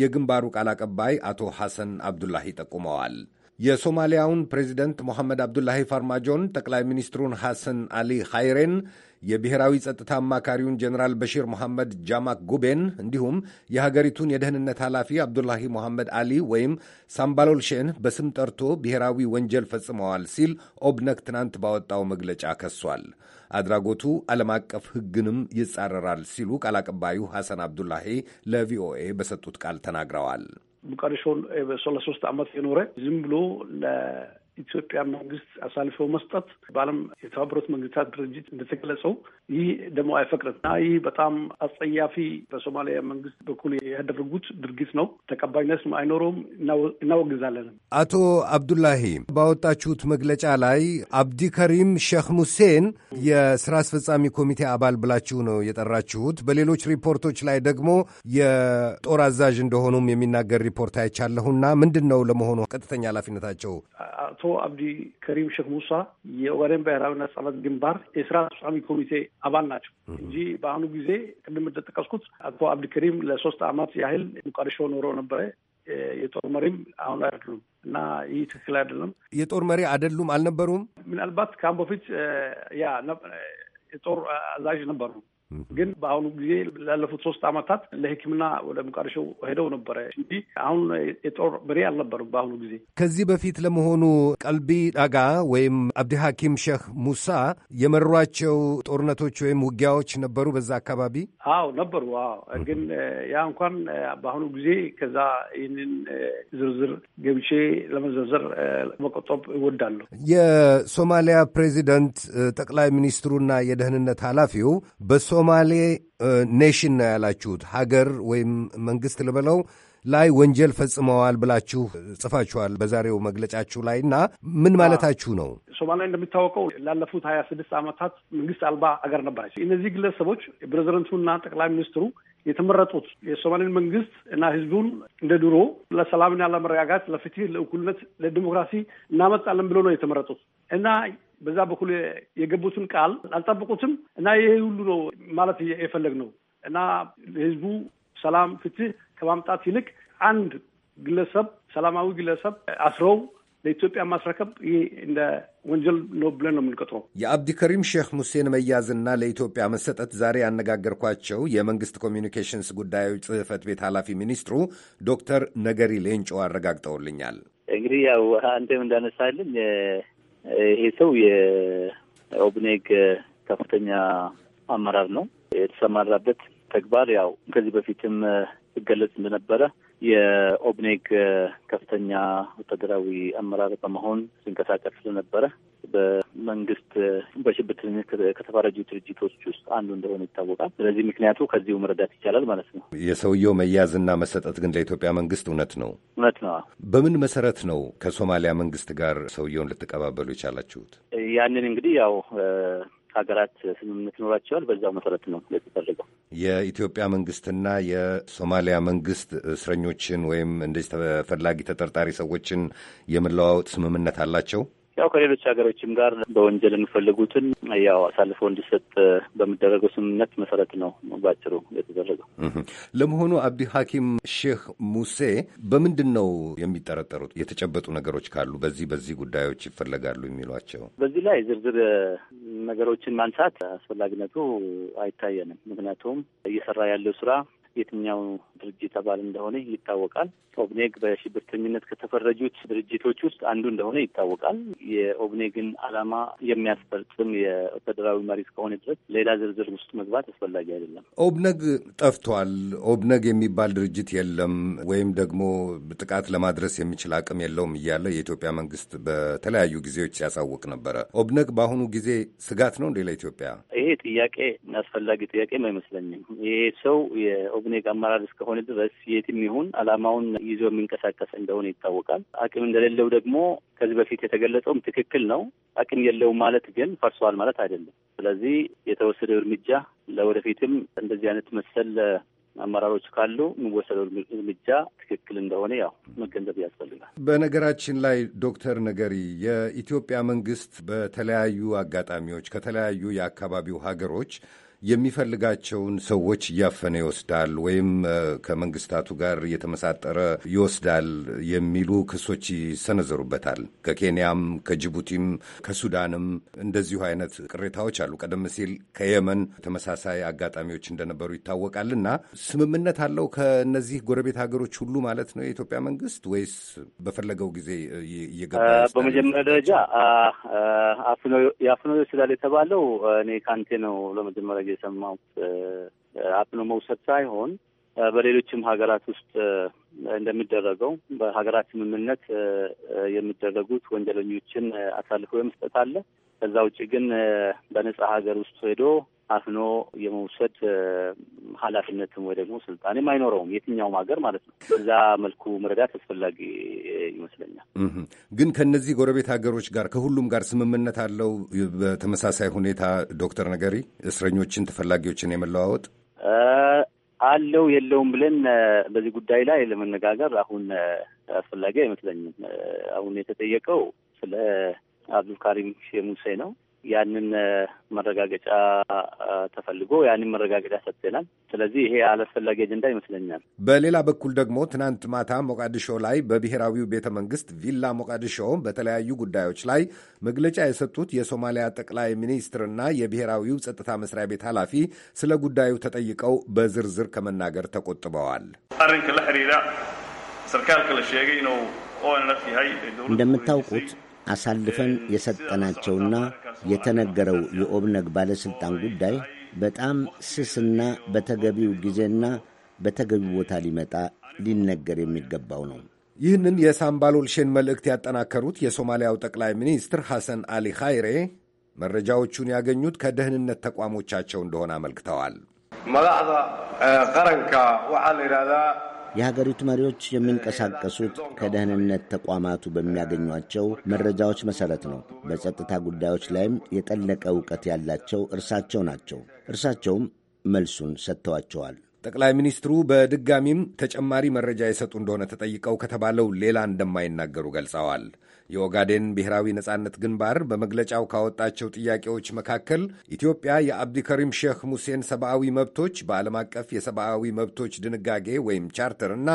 Speaker 11: የግንባሩ ቃል አቀባይ አቶ ሐሰን አብዱላሂ ጠቁመዋል። የሶማሊያውን ፕሬዚደንት ሞሐመድ አብዱላሂ ፋርማጆን፣ ጠቅላይ ሚኒስትሩን ሐሰን አሊ ሃይሬን የብሔራዊ ጸጥታ አማካሪውን ጀኔራል በሺር መሐመድ ጃማክ ጉቤን እንዲሁም የሀገሪቱን የደህንነት ኃላፊ አብዱላሂ ሞሐመድ አሊ ወይም ሳምባሎል በስም ጠርቶ ብሔራዊ ወንጀል ፈጽመዋል ሲል ኦብነግ ትናንት ባወጣው መግለጫ ከሷል። አድራጎቱ ዓለም አቀፍ ሕግንም ይጻረራል ሲሉ ቃል አቀባዩ ሐሰን አብዱላሂ ለቪኦኤ በሰጡት ቃል ተናግረዋል።
Speaker 10: ሞቃዲሾን በሶስት ዓመት የኖረ ዝም ብሎ ኢትዮጵያ መንግስት አሳልፈው መስጠት በዓለም የተባበሩት መንግስታት ድርጅት እንደተገለጸው ይህ ደግሞ አይፈቅድም እና ይህ በጣም አጸያፊ በሶማሊያ መንግስት በኩል ያደረጉት ድርጊት ነው። ተቀባይነት አይኖረውም፣ እናወግዛለን።
Speaker 11: አቶ አብዱላሂ ባወጣችሁት መግለጫ ላይ አብዲ ከሪም ሼክ ሙሴን የስራ አስፈጻሚ ኮሚቴ አባል ብላችሁ ነው የጠራችሁት። በሌሎች ሪፖርቶች ላይ ደግሞ የጦር አዛዥ እንደሆኑም የሚናገር ሪፖርት አይቻለሁና ምንድን ነው ለመሆኑ ቀጥተኛ ኃላፊነታቸው?
Speaker 10: አቶ አቶ አብዲ ከሪም ሼክ ሙሳ የኦጋዴን ብሔራዊ ነጻነት ግንባር የስራ አስፈጻሚ ኮሚቴ አባል ናቸው እንጂ በአሁኑ ጊዜ ቅድም እንደጠቀስኩት አቶ አብዲ ከሪም ለሶስት ዓመት ያህል ሙቃዲሾ ኖሮ ነበረ። የጦር መሪም አሁን አይደሉም እና
Speaker 11: ይህ ትክክል አይደለም። የጦር መሪ አይደሉም አልነበሩም።
Speaker 10: ምናልባት ከአሁን በፊት ያ የጦር አዛዥ ነበሩ። ግን በአሁኑ ጊዜ ላለፉት ሶስት ዓመታት ለህክምና ወደ ሞቃዲሾ ሄደው ነበረ እንጂ አሁን የጦር በሬ አልነበርም። በአሁኑ ጊዜ
Speaker 11: ከዚህ በፊት ለመሆኑ ቀልቢ ዳጋ ወይም አብዲ ሐኪም ሼህ ሙሳ የመሯቸው ጦርነቶች ወይም ውጊያዎች ነበሩ በዛ አካባቢ?
Speaker 10: አዎ ነበሩ። አዎ ግን ያ እንኳን በአሁኑ ጊዜ ከዛ ይህንን ዝርዝር ገብቼ ለመዘርዘር መቆጠብ እወዳለሁ።
Speaker 11: የሶማሊያ ፕሬዚደንት ጠቅላይ ሚኒስትሩና የደህንነት ኃላፊው በሶ ሶማሌ ኔሽን ነው ያላችሁት ሀገር ወይም መንግስት ልበለው ላይ ወንጀል ፈጽመዋል ብላችሁ ጽፋችኋል በዛሬው መግለጫችሁ ላይ እና ምን ማለታችሁ ነው?
Speaker 10: ሶማሊያ እንደሚታወቀው ላለፉት ሀያ ስድስት ዓመታት መንግስት አልባ አገር ነበረች። እነዚህ ግለሰቦች ፕሬዚደንቱና ጠቅላይ ሚኒስትሩ የተመረጡት የሶማሌን መንግስት እና ህዝቡን እንደ ድሮ ለሰላምና ለመረጋጋት፣ ለፍትህ፣ ለእኩልነት፣ ለዲሞክራሲ እናመጣለን ብሎ ነው የተመረጡት እና በዛ በኩል የገቡትን ቃል አልጠበቁትም እና ይሄ ሁሉ ነው ማለት የፈለግ ነው እና ህዝቡ ሰላም፣ ፍትህ ከማምጣት ይልቅ አንድ ግለሰብ ሰላማዊ ግለሰብ አስረው ለኢትዮጵያ ማስረከብ ይህ እንደ ወንጀል ነው ብለን ነው የምንቀጥረው።
Speaker 11: የአብዲከሪም ሼክ ሙሴን መያዝና ለኢትዮጵያ መሰጠት ዛሬ ያነጋገርኳቸው የመንግስት ኮሚኒኬሽንስ ጉዳዮች ጽህፈት ቤት ኃላፊ ሚኒስትሩ ዶክተር ነገሪ ሌንጮ አረጋግጠውልኛል።
Speaker 12: እንግዲህ
Speaker 13: ያው አንተም እንዳነሳልን ይሄ ሰው የኦብኔግ ከፍተኛ አመራር ነው። የተሰማራበት ተግባር ያው ከዚህ በፊትም ሲገለጽ እንደነበረ የኦብኔግ ከፍተኛ ወታደራዊ አመራር በመሆን ሲንቀሳቀስ ስለነበረ በመንግስት በሽብርተኝነት ከተፈረጁ ድርጅቶች ውስጥ አንዱ እንደሆነ ይታወቃል። ስለዚህ ምክንያቱ ከዚሁ መረዳት ይቻላል ማለት ነው።
Speaker 11: የሰውየው መያዝና መሰጠት ግን ለኢትዮጵያ መንግስት እውነት ነው፣ እውነት ነው። በምን መሰረት ነው ከሶማሊያ መንግስት ጋር ሰውየውን ልትቀባበሉ የቻላችሁት?
Speaker 13: ያንን እንግዲህ ያው ሀገራት ስምምነት ይኖራቸዋል። በዛው መሰረት ነው የተደረገው።
Speaker 11: የኢትዮጵያ መንግስትና የሶማሊያ መንግስት እስረኞችን ወይም እንደዚህ ተፈላጊ ተጠርጣሪ ሰዎችን የመለዋወጥ ስምምነት አላቸው።
Speaker 13: ያው ከሌሎች ሀገሮችም ጋር በወንጀል የሚፈልጉትን ያው አሳልፎ እንዲሰጥ በሚደረገው ስምምነት መሰረት ነው ባጭሩ የተደረገው።
Speaker 11: ለመሆኑ አብዲ ሐኪም ሼህ ሙሴ በምንድን ነው የሚጠረጠሩት? የተጨበጡ ነገሮች ካሉ በዚህ በዚህ ጉዳዮች ይፈለጋሉ የሚሏቸው?
Speaker 13: በዚህ ላይ ዝርዝር ነገሮችን ማንሳት አስፈላጊነቱ አይታየንም። ምክንያቱም እየሰራ ያለው ስራ የትኛው ድርጅት አባል እንደሆነ ይታወቃል። ኦብኔግ በሽብርተኝነት ከተፈረጁት ድርጅቶች ውስጥ አንዱ እንደሆነ ይታወቃል። የኦብኔግን ዓላማ የሚያስፈጽም የፌዴራዊ መሪ እስከሆነ ድረስ ሌላ ዝርዝር ውስጥ መግባት አስፈላጊ አይደለም።
Speaker 11: ኦብነግ ጠፍቷል፣ ኦብነግ የሚባል ድርጅት የለም ወይም ደግሞ ጥቃት ለማድረስ የሚችል አቅም የለውም እያለ የኢትዮጵያ መንግስት በተለያዩ ጊዜዎች ሲያሳውቅ ነበረ። ኦብነግ በአሁኑ ጊዜ ስጋት ነው እንዴ ለኢትዮጵያ?
Speaker 13: ይሄ ጥያቄ አስፈላጊ ጥያቄም አይመስለኝም። ይሄ ሰው የኦብኔግ አመራር እስከ እስከሆነ ድረስ የትም ይሁን አላማውን ይዞ የሚንቀሳቀስ እንደሆነ ይታወቃል። አቅም እንደሌለው ደግሞ ከዚህ በፊት የተገለጸውም ትክክል ነው። አቅም የለውም ማለት ግን ፈርሷል ማለት አይደለም። ስለዚህ የተወሰደው እርምጃ ለወደፊትም እንደዚህ አይነት መሰል አመራሮች ካሉ የሚወሰደው እርምጃ ትክክል እንደሆነ ያው መገንዘብ ያስፈልጋል።
Speaker 11: በነገራችን ላይ ዶክተር ነገሪ የኢትዮጵያ መንግስት በተለያዩ አጋጣሚዎች ከተለያዩ የአካባቢው ሀገሮች የሚፈልጋቸውን ሰዎች እያፈነ ይወስዳል ወይም ከመንግስታቱ ጋር እየተመሳጠረ ይወስዳል የሚሉ ክሶች ይሰነዘሩበታል። ከኬንያም፣ ከጅቡቲም፣ ከሱዳንም እንደዚሁ አይነት ቅሬታዎች አሉ። ቀደም ሲል ከየመን ተመሳሳይ አጋጣሚዎች እንደነበሩ ይታወቃል። እና ስምምነት አለው ከእነዚህ ጎረቤት ሀገሮች ሁሉ ማለት ነው የኢትዮጵያ መንግስት ወይስ በፈለገው ጊዜ እየገባ
Speaker 13: በመጀመሪያ ደረጃ አፍኖ ይወስዳል የተባለው እኔ ካንቴ ነው ለመጀመሪያ ሲደረግ የሰማሁት አፍኖ መውሰድ ሳይሆን በሌሎችም ሀገራት ውስጥ እንደሚደረገው በሀገራት ስምምነት የሚደረጉት ወንጀለኞችን አሳልፎ የመስጠት አለ። ከዛ ውጭ ግን በነጻ ሀገር ውስጥ ሄዶ አፍኖ የመውሰድ ኃላፊነትም ወይ ደግሞ ስልጣኔም አይኖረውም የትኛውም ሀገር ማለት ነው። እዛ መልኩ መረዳት አስፈላጊ ይመስለኛል።
Speaker 11: ግን ከነዚህ ጎረቤት ሀገሮች ጋር ከሁሉም ጋር ስምምነት አለው። በተመሳሳይ ሁኔታ ዶክተር ነገሪ እስረኞችን ተፈላጊዎችን የመለዋወጥ አለው የለውም
Speaker 13: ብለን በዚህ ጉዳይ ላይ ለመነጋገር አሁን አስፈላጊ አይመስለኝም። አሁን የተጠየቀው ስለ አብዱልካሪም ሼህ ሙሴ ነው። ያንን መረጋገጫ ተፈልጎ ያንን መረጋገጫ ሰጥተናል። ስለዚህ ይሄ አላስፈላጊ አጀንዳ
Speaker 9: ይመስለኛል።
Speaker 11: በሌላ በኩል ደግሞ ትናንት ማታ ሞቃዲሾ ላይ በብሔራዊው ቤተ መንግስት ቪላ ሞቃዲሾ በተለያዩ ጉዳዮች ላይ መግለጫ የሰጡት የሶማሊያ ጠቅላይ ሚኒስትርና የብሔራዊው ጸጥታ መስሪያ ቤት ኃላፊ ስለ ጉዳዩ ተጠይቀው በዝርዝር ከመናገር ተቆጥበዋል።
Speaker 1: እንደምታውቁት አሳልፈን የሰጠናቸውና የተነገረው የኦብነግ ባለሥልጣን ጉዳይ በጣም ስስና በተገቢው ጊዜና
Speaker 11: በተገቢው ቦታ ሊመጣ ሊነገር የሚገባው ነው። ይህንን የሳምባሎልሼን መልእክት ያጠናከሩት የሶማሊያው ጠቅላይ ሚኒስትር ሐሰን አሊ ኻይሬ መረጃዎቹን ያገኙት ከደህንነት ተቋሞቻቸው እንደሆነ አመልክተዋል። መዳዕዳ ቀረንካ
Speaker 1: የሀገሪቱ መሪዎች የሚንቀሳቀሱት ከደህንነት ተቋማቱ በሚያገኟቸው መረጃዎች መሠረት ነው። በጸጥታ ጉዳዮች ላይም የጠለቀ እውቀት ያላቸው
Speaker 11: እርሳቸው ናቸው።
Speaker 1: እርሳቸውም መልሱን ሰጥተዋቸዋል።
Speaker 11: ጠቅላይ ሚኒስትሩ በድጋሚም ተጨማሪ መረጃ የሰጡ እንደሆነ ተጠይቀው ከተባለው ሌላ እንደማይናገሩ ገልጸዋል። የኦጋዴን ብሔራዊ ነጻነት ግንባር በመግለጫው ካወጣቸው ጥያቄዎች መካከል ኢትዮጵያ የአብዲከሪም ሼክ ሙሴን ሰብአዊ መብቶች በዓለም አቀፍ የሰብአዊ መብቶች ድንጋጌ ወይም ቻርተር እና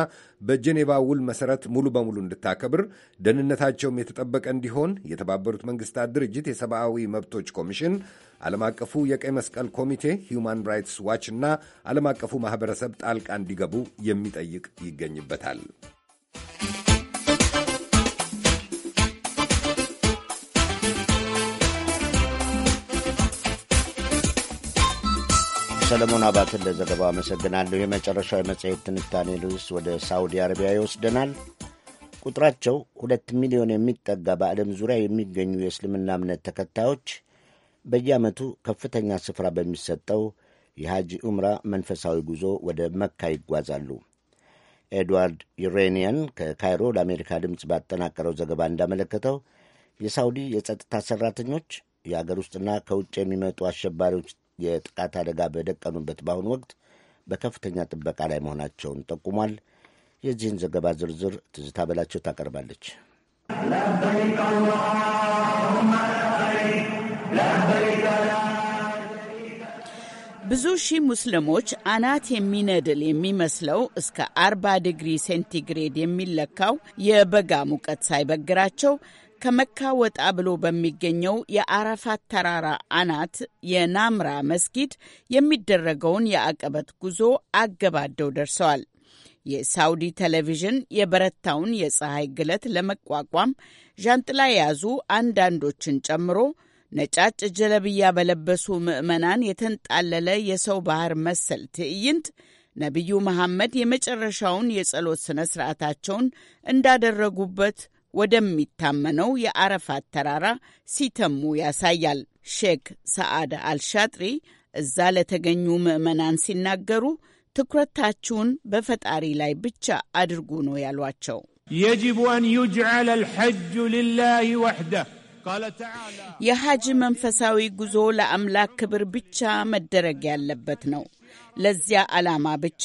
Speaker 11: በጄኔቫ ውል መሰረት ሙሉ በሙሉ እንድታከብር፣ ደህንነታቸውም የተጠበቀ እንዲሆን የተባበሩት መንግስታት ድርጅት የሰብአዊ መብቶች ኮሚሽን፣ ዓለም አቀፉ የቀይ መስቀል ኮሚቴ፣ ሂዩማን ራይትስ ዋች እና ዓለም አቀፉ ማኅበረሰብ ጣልቃ እንዲገቡ የሚጠይቅ ይገኝበታል።
Speaker 1: ሰለሞን አባትን ለዘገባው አመሰግናለሁ። የመጨረሻው የመጽሔት ትንታኔ ልውስ ወደ ሳውዲ አረቢያ ይወስደናል። ቁጥራቸው ሁለት ሚሊዮን የሚጠጋ በዓለም ዙሪያ የሚገኙ የእስልምና እምነት ተከታዮች በየዓመቱ ከፍተኛ ስፍራ በሚሰጠው የሐጂ ዑምራ መንፈሳዊ ጉዞ ወደ መካ ይጓዛሉ። ኤድዋርድ ዩሬኒየን ከካይሮ ለአሜሪካ ድምፅ ባጠናቀረው ዘገባ እንዳመለከተው የሳውዲ የጸጥታ ሠራተኞች የአገር ውስጥና ከውጭ የሚመጡ አሸባሪዎች የጥቃት አደጋ በደቀኑበት በአሁኑ ወቅት በከፍተኛ ጥበቃ ላይ መሆናቸውን ጠቁሟል። የዚህን ዘገባ ዝርዝር ትዝታ በላቸው ታቀርባለች።
Speaker 14: ብዙ ሺህ ሙስሊሞች አናት የሚነድል የሚመስለው እስከ 40 ዲግሪ ሴንቲግሬድ የሚለካው የበጋ ሙቀት ሳይበግራቸው ከመካ ወጣ ብሎ በሚገኘው የአረፋት ተራራ አናት የናምራ መስጊድ የሚደረገውን የአቀበት ጉዞ አገባደው ደርሰዋል። የሳውዲ ቴሌቪዥን የበረታውን የፀሐይ ግለት ለመቋቋም ዣንጥላ የያዙ አንዳንዶችን ጨምሮ ነጫጭ ጀለብያ በለበሱ ምዕመናን የተንጣለለ የሰው ባህር መሰል ትዕይንት ነቢዩ መሐመድ የመጨረሻውን የጸሎት ሥነ ሥርዓታቸውን እንዳደረጉበት ወደሚታመነው የአረፋት ተራራ ሲተሙ ያሳያል። ሼክ ሰዓድ አልሻጥሪ እዛ ለተገኙ ምዕመናን ሲናገሩ ትኩረታችሁን በፈጣሪ ላይ ብቻ አድርጉ ነው ያሏቸው። የጅቡ አን ዩጅዓል አልሐጁ ልላህ ወሕደህ የሐጅ መንፈሳዊ ጉዞ ለአምላክ ክብር ብቻ መደረግ ያለበት ነው። ለዚያ ዓላማ ብቻ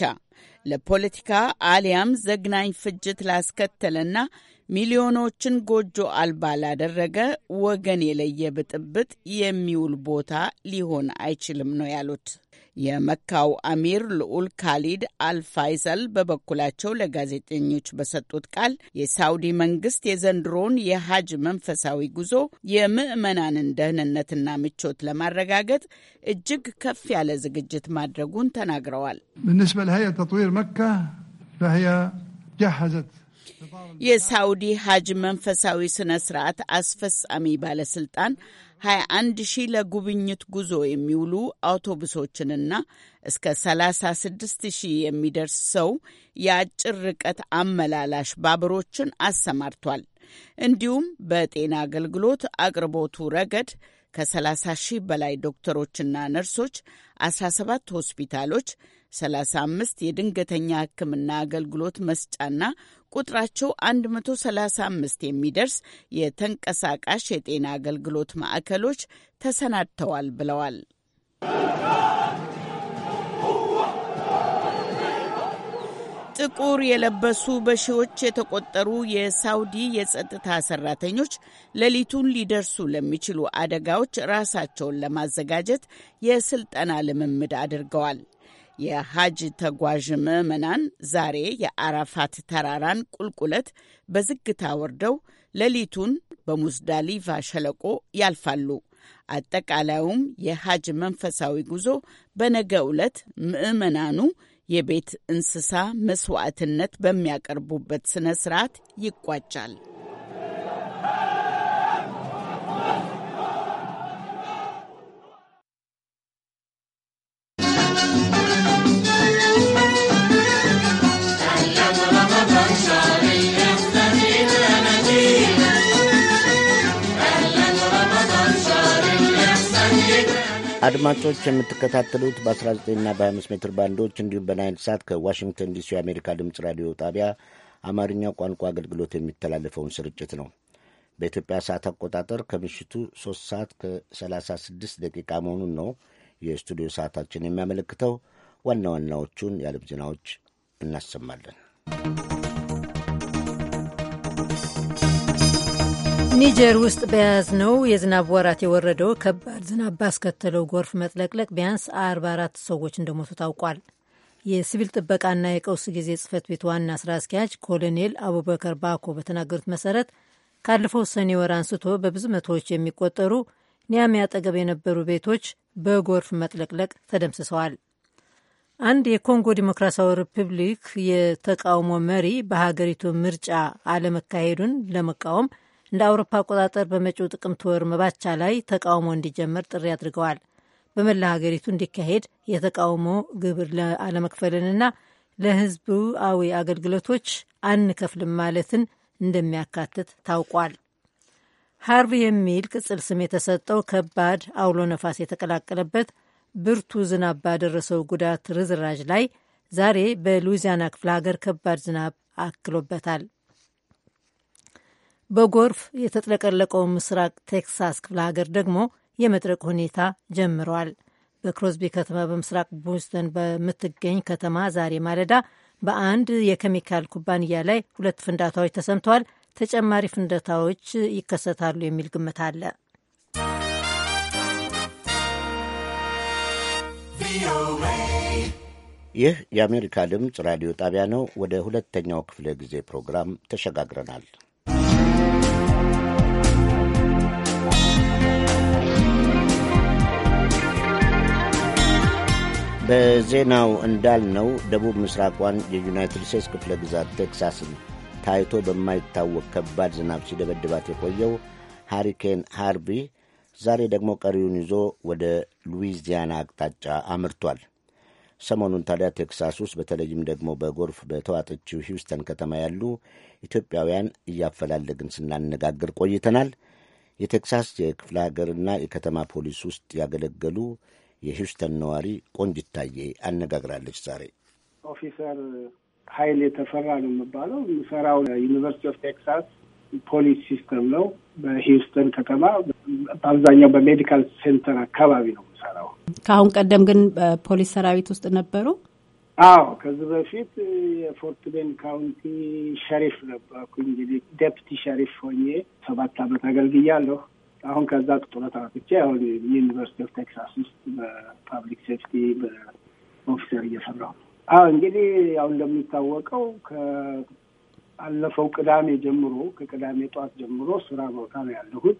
Speaker 14: ለፖለቲካ አሊያም ዘግናኝ ፍጅት ላስከተለና ሚሊዮኖችን ጎጆ አልባ ላደረገ ወገን የለየ ብጥብጥ የሚውል ቦታ ሊሆን አይችልም ነው ያሉት። የመካው አሚር ልዑል ካሊድ አልፋይዘል በበኩላቸው ለጋዜጠኞች በሰጡት ቃል የሳውዲ መንግስት የዘንድሮውን የሀጅ መንፈሳዊ ጉዞ የምዕመናንን ደህንነትና ምቾት ለማረጋገጥ እጅግ ከፍ ያለ ዝግጅት ማድረጉን ተናግረዋል።
Speaker 5: ብንስበ ለሀያ ተጥዊር መካ ጃሐዘት
Speaker 14: የሳውዲ ሀጅ መንፈሳዊ ሥነ ሥርዓት አስፈጻሚ ባለስልጣን 21 ሺህ ለጉብኝት ጉዞ የሚውሉ አውቶቡሶችንና እስከ 36 ሺህ የሚደርስ ሰው የአጭር ርቀት አመላላሽ ባቡሮችን አሰማርቷል። እንዲሁም በጤና አገልግሎት አቅርቦቱ ረገድ ከ30 ሺህ በላይ ዶክተሮችና ነርሶች፣ 17 ሆስፒታሎች፣ 35 የድንገተኛ ሕክምና አገልግሎት መስጫና ቁጥራቸው 135 የሚደርስ የተንቀሳቃሽ የጤና አገልግሎት ማዕከሎች ተሰናድተዋል ብለዋል። ጥቁር የለበሱ በሺዎች የተቆጠሩ የሳውዲ የጸጥታ ሰራተኞች ሌሊቱን ሊደርሱ ለሚችሉ አደጋዎች ራሳቸውን ለማዘጋጀት የስልጠና ልምምድ አድርገዋል። የሐጅ ተጓዥ ምዕመናን ዛሬ የአራፋት ተራራን ቁልቁለት በዝግታ ወርደው ሌሊቱን በሙዝዳሊቫ ሸለቆ ያልፋሉ። አጠቃላዩም የሐጅ መንፈሳዊ ጉዞ በነገ ዕለት ምዕመናኑ የቤት እንስሳ መስዋዕትነት በሚያቀርቡበት ስነ ስርዓት ይቋጫል።
Speaker 1: አድማጮች የምትከታተሉት በ19ና በ25 ሜትር ባንዶች እንዲሁም በናይል ሳት ከዋሽንግተን ዲሲ የአሜሪካ ድምፅ ራዲዮ ጣቢያ አማርኛ ቋንቋ አገልግሎት የሚተላለፈውን ስርጭት ነው። በኢትዮጵያ ሰዓት አቆጣጠር ከምሽቱ 3 ሰዓት ከ36 ደቂቃ መሆኑን ነው የስቱዲዮ ሰዓታችን የሚያመለክተው። ዋና ዋናዎቹን የዓለም ዜናዎች እናሰማለን።
Speaker 4: ኒጀር ውስጥ በያዝነው የዝናብ ወራት የወረደው ከባድ ዝናብ ባስከተለው ጎርፍ መጥለቅለቅ ቢያንስ 44 ሰዎች እንደሞቱ ታውቋል። የሲቪል ጥበቃና የቀውስ ጊዜ ጽህፈት ቤት ዋና ስራ አስኪያጅ ኮሎኔል አቡበከር ባኮ በተናገሩት መሰረት ካለፈው ሰኔ ወር አንስቶ በብዙ መቶዎች የሚቆጠሩ ኒያሚ አጠገብ የነበሩ ቤቶች በጎርፍ መጥለቅለቅ ተደምስሰዋል። አንድ የኮንጎ ዲሞክራሲያዊ ሪፐብሊክ የተቃውሞ መሪ በሀገሪቱ ምርጫ አለመካሄዱን ለመቃወም እንደ አውሮፓ አቆጣጠር በመጪው ጥቅምት ወር መባቻ ላይ ተቃውሞ እንዲጀመር ጥሪ አድርገዋል። በመላ ሀገሪቱ እንዲካሄድ የተቃውሞ ግብር አለመክፈልንና ለሕዝባዊ አገልግሎቶች አንከፍልም ማለትን እንደሚያካትት ታውቋል። ሀርቪ የሚል ቅጽል ስም የተሰጠው ከባድ አውሎ ነፋስ የተቀላቀለበት ብርቱ ዝናብ ባደረሰው ጉዳት ርዝራዥ ላይ ዛሬ በሉዊዚያና ክፍለ ሀገር ከባድ ዝናብ አክሎበታል። በጎርፍ የተጥለቀለቀው ምስራቅ ቴክሳስ ክፍለ ሀገር ደግሞ የመጥረቅ ሁኔታ ጀምረዋል። በክሮዝቢ ከተማ በምስራቅ ቦስተን በምትገኝ ከተማ ዛሬ ማለዳ በአንድ የኬሚካል ኩባንያ ላይ ሁለት ፍንዳታዎች ተሰምተዋል። ተጨማሪ ፍንዳታዎች ይከሰታሉ የሚል ግምት አለ።
Speaker 1: ይህ የአሜሪካ ድምፅ ራዲዮ ጣቢያ ነው። ወደ ሁለተኛው ክፍለ ጊዜ ፕሮግራም ተሸጋግረናል። በዜናው እንዳልነው ደቡብ ምስራቋን የዩናይትድ ስቴትስ ክፍለ ግዛት ቴክሳስን ታይቶ በማይታወቅ ከባድ ዝናብ ሲደበድባት የቆየው ሃሪኬን ሃርቢ ዛሬ ደግሞ ቀሪውን ይዞ ወደ ሉዊዚያና አቅጣጫ አምርቷል። ሰሞኑን ታዲያ ቴክሳስ ውስጥ በተለይም ደግሞ በጎርፍ በተዋጠችው ሂውስተን ከተማ ያሉ ኢትዮጵያውያን እያፈላለግን ስናነጋግር ቆይተናል። የቴክሳስ የክፍለ ሀገርና የከተማ ፖሊስ ውስጥ ያገለገሉ የሂውስተን ነዋሪ ቆንጅታዬ አነጋግራለች። ዛሬ
Speaker 12: ኦፊሰር ኃይል የተፈራ ነው የሚባለው ሰራው ዩኒቨርሲቲ ኦፍ ቴክሳስ ፖሊስ ሲስተም ነው። በሂውስተን ከተማ በአብዛኛው በሜዲካል ሴንተር አካባቢ ነው የሚሰራው።
Speaker 15: ከአሁን ቀደም ግን በፖሊስ ሰራዊት ውስጥ ነበሩ? አዎ፣
Speaker 12: ከዚህ በፊት የፎርት ቤን ካውንቲ ሸሪፍ ነበርኩ። እንግዲህ ዴፕቲ ሸሪፍ ሆኜ ሰባት አመት አገልግያለሁ። አሁን ከዛ ጡረታ ወጥቼ አሁን ዩኒቨርሲቲ ኦፍ ቴክሳስ ውስጥ በፓብሊክ ሴፍቲ በኦፊሰር እየሰራሁ ነው። አዎ እንግዲህ ያው እንደሚታወቀው ከአለፈው ቅዳሜ ጀምሮ ከቅዳሜ ጠዋት ጀምሮ ስራ ቦታ ነው ያለሁት።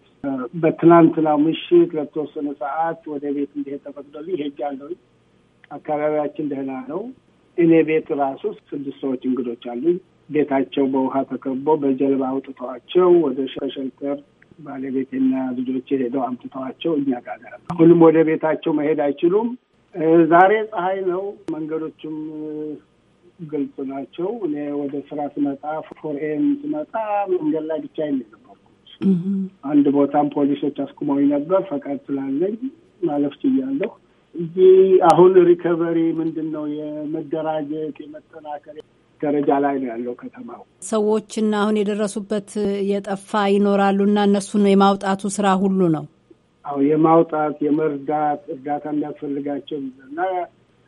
Speaker 12: በትናንትና ምሽት ለተወሰነ ሰዓት ወደ ቤት እንዲሄድ ተፈቅዶልኝ ሄጃለሁ። አካባቢያችን ደህና ነው። እኔ ቤት ራሱ ስድስት ሰዎች እንግዶች አሉኝ። ቤታቸው በውሃ ተከቦ በጀልባ አውጥተዋቸው ወደ ሸልተር ባለቤቴና ልጆች ሄደው አምጥተዋቸው እኛ ጋር አሁንም ወደ ቤታቸው መሄድ አይችሉም። ዛሬ ፀሐይ ነው፣ መንገዶችም ግልጽ ናቸው። እኔ ወደ ስራ ስመጣ ፎርኤም ስመጣ መንገድ ላይ ብቻ የነበርኩት። አንድ ቦታም ፖሊሶች አስቁመውኝ ነበር። ፈቃድ ስላለኝ ማለፍ ችያለሁ። እዚህ አሁን ሪከቨሪ ምንድን ነው የመደራጀት የመጠናከር ደረጃ ላይ ነው ያለው ከተማው።
Speaker 15: ሰዎችና አሁን የደረሱበት የጠፋ ይኖራሉ እና እነሱን የማውጣቱ ስራ ሁሉ ነው
Speaker 12: አዎ የማውጣት የመርዳት እርዳታ እንዳስፈልጋቸው እና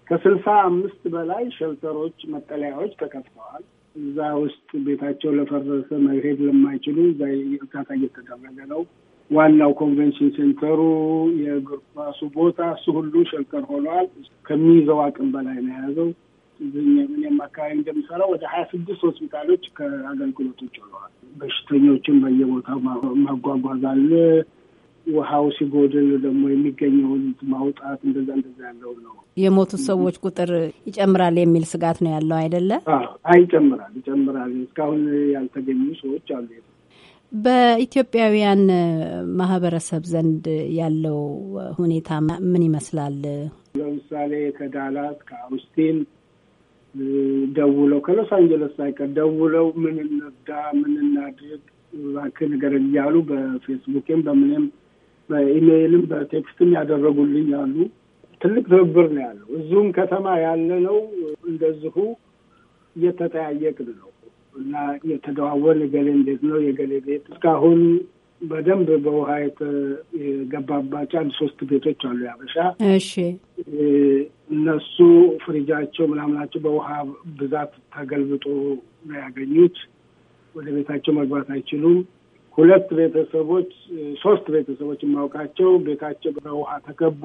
Speaker 12: ከስልሳ አምስት በላይ ሸልተሮች መጠለያዎች ተከፍተዋል። እዛ ውስጥ ቤታቸው ለፈረሰ መሄድ ለማይችሉ እዛ እርዳታ እየተደረገ ነው። ዋናው ኮንቬንሽን ሴንተሩ፣ የእግር ኳሱ ቦታ፣ እሱ ሁሉ ሸልተር ሆኗል። ከሚይዘው አቅም በላይ ነው የያዘው። እኛም አካባቢ እንደሚሰራው ወደ ሀያ ስድስት ሆስፒታሎች ከአገልግሎቶች ውለዋል። በሽተኞችን በየቦታው ማጓጓዝ አለ። ውሃው ሲጎድል ደግሞ የሚገኘውን ማውጣት እንደዛ እንደዛ ያለው ነው።
Speaker 15: የሞቱ ሰዎች ቁጥር ይጨምራል የሚል ስጋት ነው ያለው አይደለ?
Speaker 12: አይ ይጨምራል፣ ይጨምራል። እስካሁን ያልተገኙ ሰዎች አሉ።
Speaker 15: በኢትዮጵያውያን ማህበረሰብ ዘንድ ያለው ሁኔታ ምን ይመስላል?
Speaker 12: ለምሳሌ ከዳላስ ከአውስቲን ደውለው ከሎስ አንጀለስ ሳይቀር ደውለው ምን እንርዳ፣ ምን እናድርግ እባክህ ንገረን እያሉ በፌስቡክም በምንም በኢሜይልም በቴክስትም ያደረጉልኝ አሉ። ትልቅ ትብብር ነው ያለው። እዚሁም ከተማ ያለ ነው እንደዚሁ እየተጠያየቅን ነው እና እየተደዋወልን የገሌ እንዴት ነው የገሌ ቤት እስካሁን በደንብ በውሃ የገባባቸው አንድ ሶስት ቤቶች አሉ ያበሻ። እሺ፣ እነሱ ፍሪጃቸው ምናምናቸው በውሃ ብዛት ተገልብጦ ነው ያገኙት። ወደ ቤታቸው መግባት አይችሉም። ሁለት ቤተሰቦች ሶስት ቤተሰቦች የማውቃቸው ቤታቸው በውሃ ተከቦ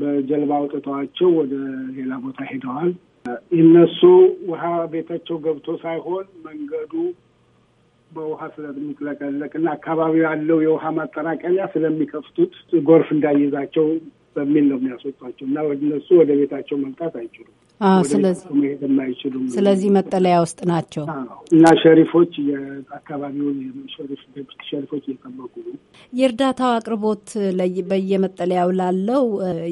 Speaker 12: በጀልባ አውጥተዋቸው ወደ ሌላ ቦታ ሄደዋል። እነሱ ውሃ ቤታቸው ገብቶ ሳይሆን መንገዱ በውሃ ስለሚጥለቀለቅና አካባቢው ያለው የውሃ ማጠራቀሚያ ስለሚከፍቱት ጎርፍ እንዳይዛቸው በሚል ነው የሚያስወጧቸው እና እነሱ ወደ ቤታቸው መምጣት አይችሉም። መሄድ ስለዚህ
Speaker 15: መጠለያ ውስጥ ናቸው
Speaker 12: እና ሸሪፎች የአካባቢውን ሸሪፎች እየጠበቁ ነው።
Speaker 15: የእርዳታው አቅርቦት በየመጠለያው ላለው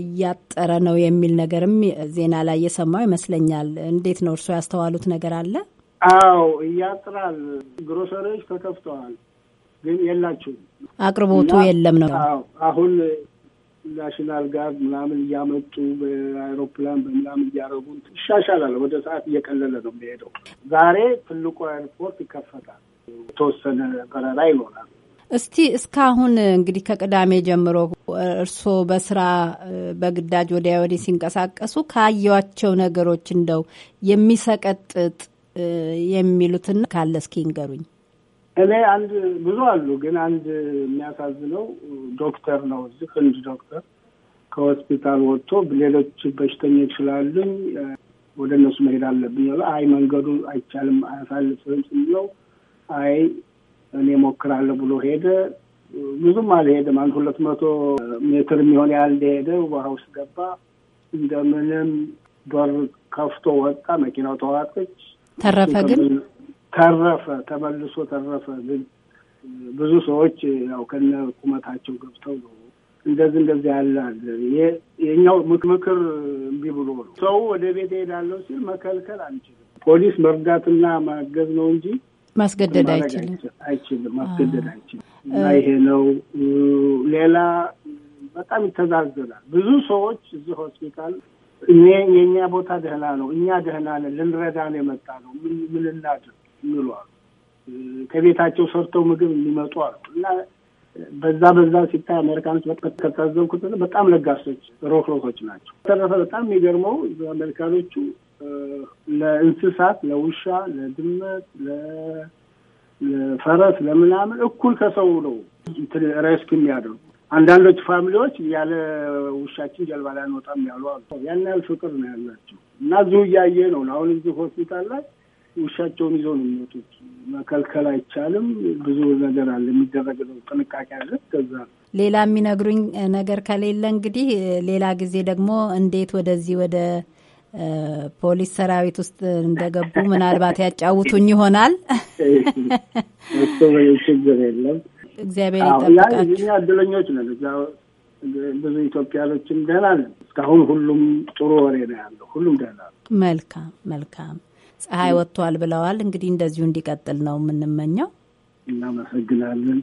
Speaker 15: እያጠረ ነው የሚል ነገርም ዜና ላይ የሰማው ይመስለኛል። እንዴት ነው እርስዎ ያስተዋሉት ነገር አለ?
Speaker 12: አዎ እያጥራል። ግሮሰሪዎች ተከፍተዋል፣ ግን የላችሁም፣
Speaker 15: አቅርቦቱ የለም ነው። አዎ
Speaker 12: አሁን ናሽናል ጋርድ ምናምን እያመጡ በአይሮፕላን በምናምን እያደረጉ ይሻሻላል። ወደ ሰዓት እየቀለለ ነው የሚሄደው። ዛሬ ትልቁ ኤርፖርት ይከፈታል፣ የተወሰነ በረራ ይኖራል።
Speaker 15: እስቲ እስካሁን እንግዲህ ከቅዳሜ ጀምሮ እርስዎ በስራ በግዳጅ ወዲያ ወዲህ ሲንቀሳቀሱ ካየዋቸው ነገሮች እንደው የሚሰቀጥጥ የሚሉትና ካለ እስኪ ይንገሩኝ።
Speaker 12: እኔ አንድ ብዙ አሉ፣ ግን አንድ የሚያሳዝነው ዶክተር ነው። እዚህ ህንድ ዶክተር ከሆስፒታል ወጥቶ ሌሎች በሽተኞች ስላሉኝ ወደ እነሱ መሄድ አለብኝ። አይ መንገዱ አይቻልም አያሳልፍም ስንለው አይ እኔ ሞክራለሁ ብሎ ሄደ። ብዙም አልሄደም። አንድ ሁለት መቶ ሜትር የሚሆን ያህል ሄደ። ውሃ ውስጥ ገባ። እንደምንም በር ከፍቶ ወጣ። መኪናው ተዋጠች። ተረፈ ግን ተረፈ ተመልሶ ተረፈ ግን ብዙ ሰዎች ያው ከነ ቁመታቸው ገብተው ነው እንደዚህ እንደዚህ ያለ አለ። የኛው ምክር እምቢ ብሎ ነው ሰው ወደ ቤት እሄዳለሁ ሲል መከልከል አንችልም። ፖሊስ መርዳትና ማገዝ ነው እንጂ
Speaker 15: ማስገደድ አይችልም
Speaker 12: አይችልም ማስገደድ አይችልም። እና ይሄ ነው ሌላ በጣም ይተዛዘናል። ብዙ ሰዎች እዚህ ሆስፒታል እኔ የእኛ ቦታ ደህና ነው፣ እኛ ደህና ነን፣ ልንረዳ ነው የመጣ ነው፣ ምን ምን እናድር የሚሉ ከቤታቸው ሰርተው ምግብ የሚመጡ አሉ እና በዛ በዛ ሲታይ አሜሪካኖች በጣም ከታዘብኩት በጣም ለጋሶች ሮክሮኮች ናቸው። በተረፈ በጣም የሚገርመው አሜሪካኖቹ ለእንስሳት ለውሻ፣ ለድመት፣ ለፈረስ፣ ለምናምን እኩል ከሰው ነው ሬስክ የሚያደርጉ አንዳንዶች ፋሚሊዎች ያለ ውሻችን ጀልባ ላይ አንወጣም ያሉ አሉ። ያን ያህል ፍቅር ነው ያላቸው እና እዚሁ እያየ ነው። አሁን እዚህ ሆስፒታል ላይ ውሻቸውን ይዘው ነው የሚወጡት። መከልከል አይቻልም። ብዙ ነገር አለ፣ የሚደረግ ነው። ጥንቃቄ
Speaker 15: አለ። ከዛ ሌላ የሚነግሩኝ ነገር ከሌለ እንግዲህ ሌላ ጊዜ ደግሞ እንዴት ወደዚህ ወደ ፖሊስ ሰራዊት ውስጥ እንደገቡ ምናልባት ያጫውቱኝ ይሆናል።
Speaker 12: ችግር የለም።
Speaker 15: እግዚአብሔር ይጠብቃችሁ። እኛ
Speaker 12: እድለኞች ነን። ብዙ ኢትዮጵያኖችም ደህና ነን። እስካሁን ሁሉም ጥሩ ወሬ ነው ያለው። ሁሉም ደህና
Speaker 15: ነው። መልካም መልካም። ፀሐይ ወጥቷል ብለዋል። እንግዲህ እንደዚሁ እንዲቀጥል ነው የምንመኘው።
Speaker 12: እናመሰግናለን።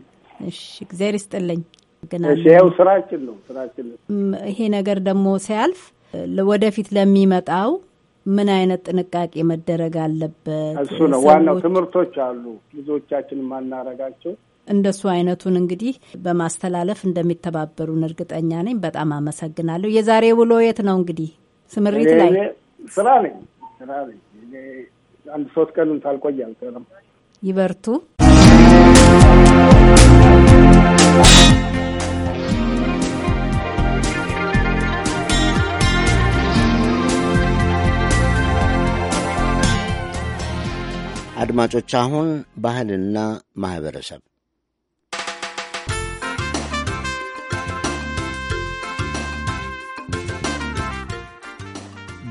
Speaker 15: እሺ፣ እግዚአብሔር ይስጥልኝ። ግናው
Speaker 12: ስራችን ነው ስራችን ነው።
Speaker 15: ይሄ ነገር ደግሞ ሲያልፍ ወደፊት ለሚመጣው ምን አይነት ጥንቃቄ መደረግ አለበት? እሱ ነው ዋናው።
Speaker 12: ትምህርቶች አሉ ብዙዎቻችን የማናረጋቸው
Speaker 15: እንደሱ አይነቱን እንግዲህ በማስተላለፍ እንደሚተባበሩን እርግጠኛ ነኝ። በጣም አመሰግናለሁ። የዛሬ ውሎ የት ነው እንግዲህ? ስምሪት ላይ
Speaker 12: ስራ ነኝ። ስራ ነኝ። አንድ ሶስት ቀን ሳልቆይ አልቀረም።
Speaker 15: ይበርቱ።
Speaker 1: አድማጮች አሁን ባህልና ማህበረሰብ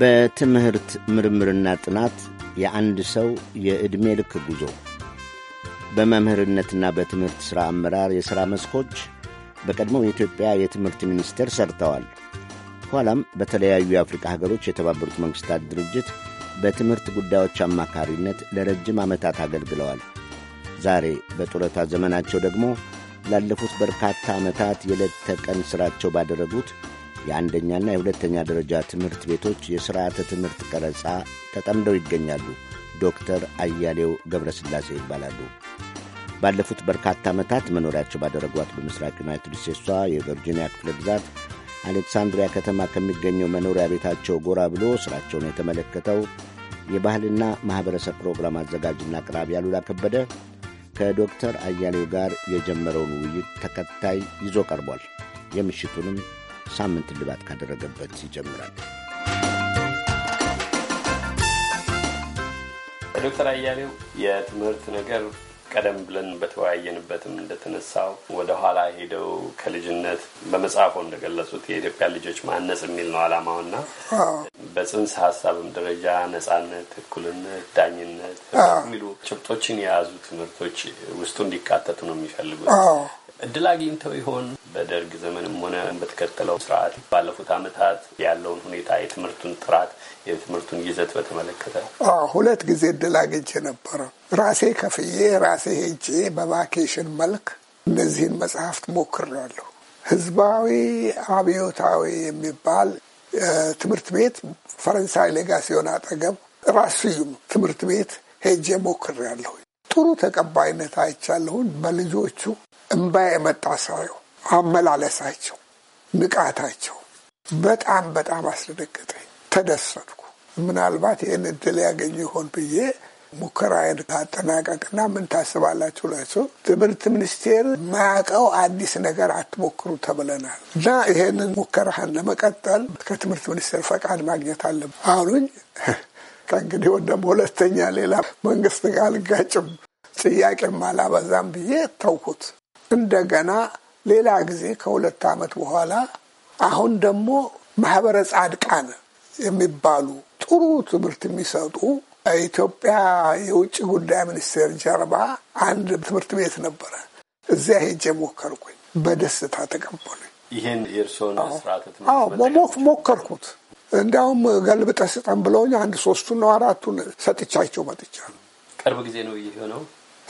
Speaker 1: በትምህርት ምርምርና ጥናት የአንድ ሰው የዕድሜ ልክ ጉዞ በመምህርነትና በትምህርት ሥራ አመራር የሥራ መስኮች በቀድሞው የኢትዮጵያ የትምህርት ሚኒስቴር ሠርተዋል። ኋላም በተለያዩ የአፍሪካ ሀገሮች የተባበሩት መንግሥታት ድርጅት በትምህርት ጉዳዮች አማካሪነት ለረጅም ዓመታት አገልግለዋል። ዛሬ በጡረታ ዘመናቸው ደግሞ ላለፉት በርካታ ዓመታት የዕለት ተቀን ሥራቸው ባደረጉት የአንደኛና የሁለተኛ ደረጃ ትምህርት ቤቶች የሥርዓተ ትምህርት ቀረጻ ተጠምደው ይገኛሉ። ዶክተር አያሌው ገብረስላሴ ይባላሉ። ባለፉት በርካታ ዓመታት መኖሪያቸው ባደረጓት በምሥራቅ ዩናይትድ ስቴትሷ የቨርጂኒያ ክፍለ ግዛት አሌክሳንድሪያ ከተማ ከሚገኘው መኖሪያ ቤታቸው ጎራ ብሎ ሥራቸውን የተመለከተው የባህልና ማኅበረሰብ ፕሮግራም አዘጋጅና አቅራቢ አሉላ ከበደ ከዶክተር አያሌው ጋር የጀመረውን ውይይት ተከታይ ይዞ ቀርቧል። የምሽቱንም ሳምንት ልባት ካደረገበት ይጀምራል።
Speaker 16: ዶክተር አያሌው የትምህርት ነገር ቀደም ብለን በተወያየንበትም እንደተነሳው ወደ ኋላ ሄደው ከልጅነት በመጽሐፎ እንደገለጹት የኢትዮጵያ ልጆች ማነጽ የሚል ነው ዓላማውና በጽንሰ ሀሳብም ደረጃ ነጻነት፣ እኩልነት፣ ዳኝነት የሚሉ ጭብጦችን የያዙ ትምህርቶች ውስጡ እንዲካተቱ ነው የሚፈልጉት። እድል አግኝተው ይሆን? በደርግ ዘመንም ሆነ በተከተለው ስርዓት ባለፉት ዓመታት ያለውን ሁኔታ፣ የትምህርቱን ጥራት፣ የትምህርቱን ይዘት በተመለከተ ሁለት ጊዜ
Speaker 5: እድል አግኝቼ ነበረ። ራሴ ከፍዬ ራሴ ሄጄ በቫኬሽን መልክ እነዚህን መጽሐፍት ሞክሬያለሁ። ህዝባዊ አብዮታዊ የሚባል ትምህርት ቤት ፈረንሳይ ሌጋሲዮን አጠገብ ራስዩም ትምህርት ቤት ሄጄ ሞክሬያለሁ። ጥሩ ተቀባይነት አይቻለሁን። በልጆቹ እምባ የመጣ ሰው አመላለሳቸው፣ ንቃታቸው በጣም በጣም አስደነገጠኝ። ተደሰትኩ። ምናልባት ይህን እድል ያገኙ ይሆን ብዬ ሙከራዬን አጠናቀቅና ምን ታስባላችሁ ላቸው ትምህርት ሚኒስቴር ማያውቀው አዲስ ነገር አትሞክሩ ተብለናል እና ይሄንን ሙከራህን ለመቀጠል ከትምህርት ሚኒስቴር ፈቃድ ማግኘት አለብን አሉኝ። ከእንግዲህ ደግሞ ሁለተኛ ሌላ መንግስት ጋር አልጋጭም ጥያቄም አላበዛም ብዬ ተውኩት። እንደገና ሌላ ጊዜ ከሁለት ዓመት በኋላ አሁን ደግሞ ማህበረ ጻድቃን የሚባሉ ጥሩ ትምህርት የሚሰጡ ኢትዮጵያ የውጭ ጉዳይ ሚኒስቴር ጀርባ አንድ ትምህርት ቤት ነበረ። እዚያ ሄጄ ሞከርኩኝ። በደስታ ተቀበሉኝ።
Speaker 3: ይህን የእርስዎን
Speaker 5: ሞከርኩት። እንዲያውም ገልብጠ ስጠን ብለውኝ አንድ ሶስቱን ነው አራቱን ሰጥቻቸው መጥቻ ነው።
Speaker 16: ቅርብ ጊዜ ነው ነው።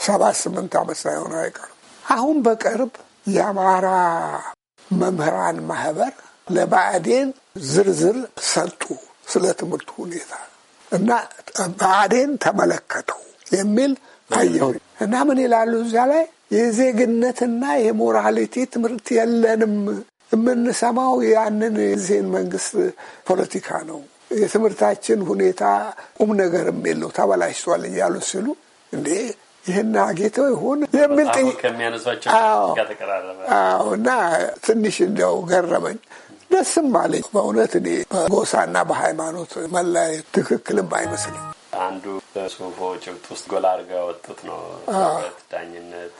Speaker 5: ሰባት ስምንት ዓመት ሳይሆን አይቀርም። አሁን በቅርብ የአማራ መምህራን ማህበር ለባዕዴን ዝርዝር ሰጡ ስለ ትምህርቱ ሁኔታ እና ባዕዴን ተመለከተው የሚል አየሁ እና ምን ይላሉ እዚያ ላይ የዜግነትና የሞራሊቲ ትምህርት የለንም። የምንሰማው ያንን የዚህን መንግስት ፖለቲካ ነው። የትምህርታችን ሁኔታ ቁም ነገርም የለው ተበላሽቷል እያሉ ሲሉ እንዴ ይህን አጌተው ይሁን የሚል እና ትንሽ እንዲያው ገረመኝ፣ ደስም አለኝ። በእውነት
Speaker 16: እኔ በጎሳና በሃይማኖት መላይ ትክክልም አይመስልም። አንዱ በጽሁፎ ጭብጥ ውስጥ ጎላ አድርገው ወጡት ነው ዳኝነት፣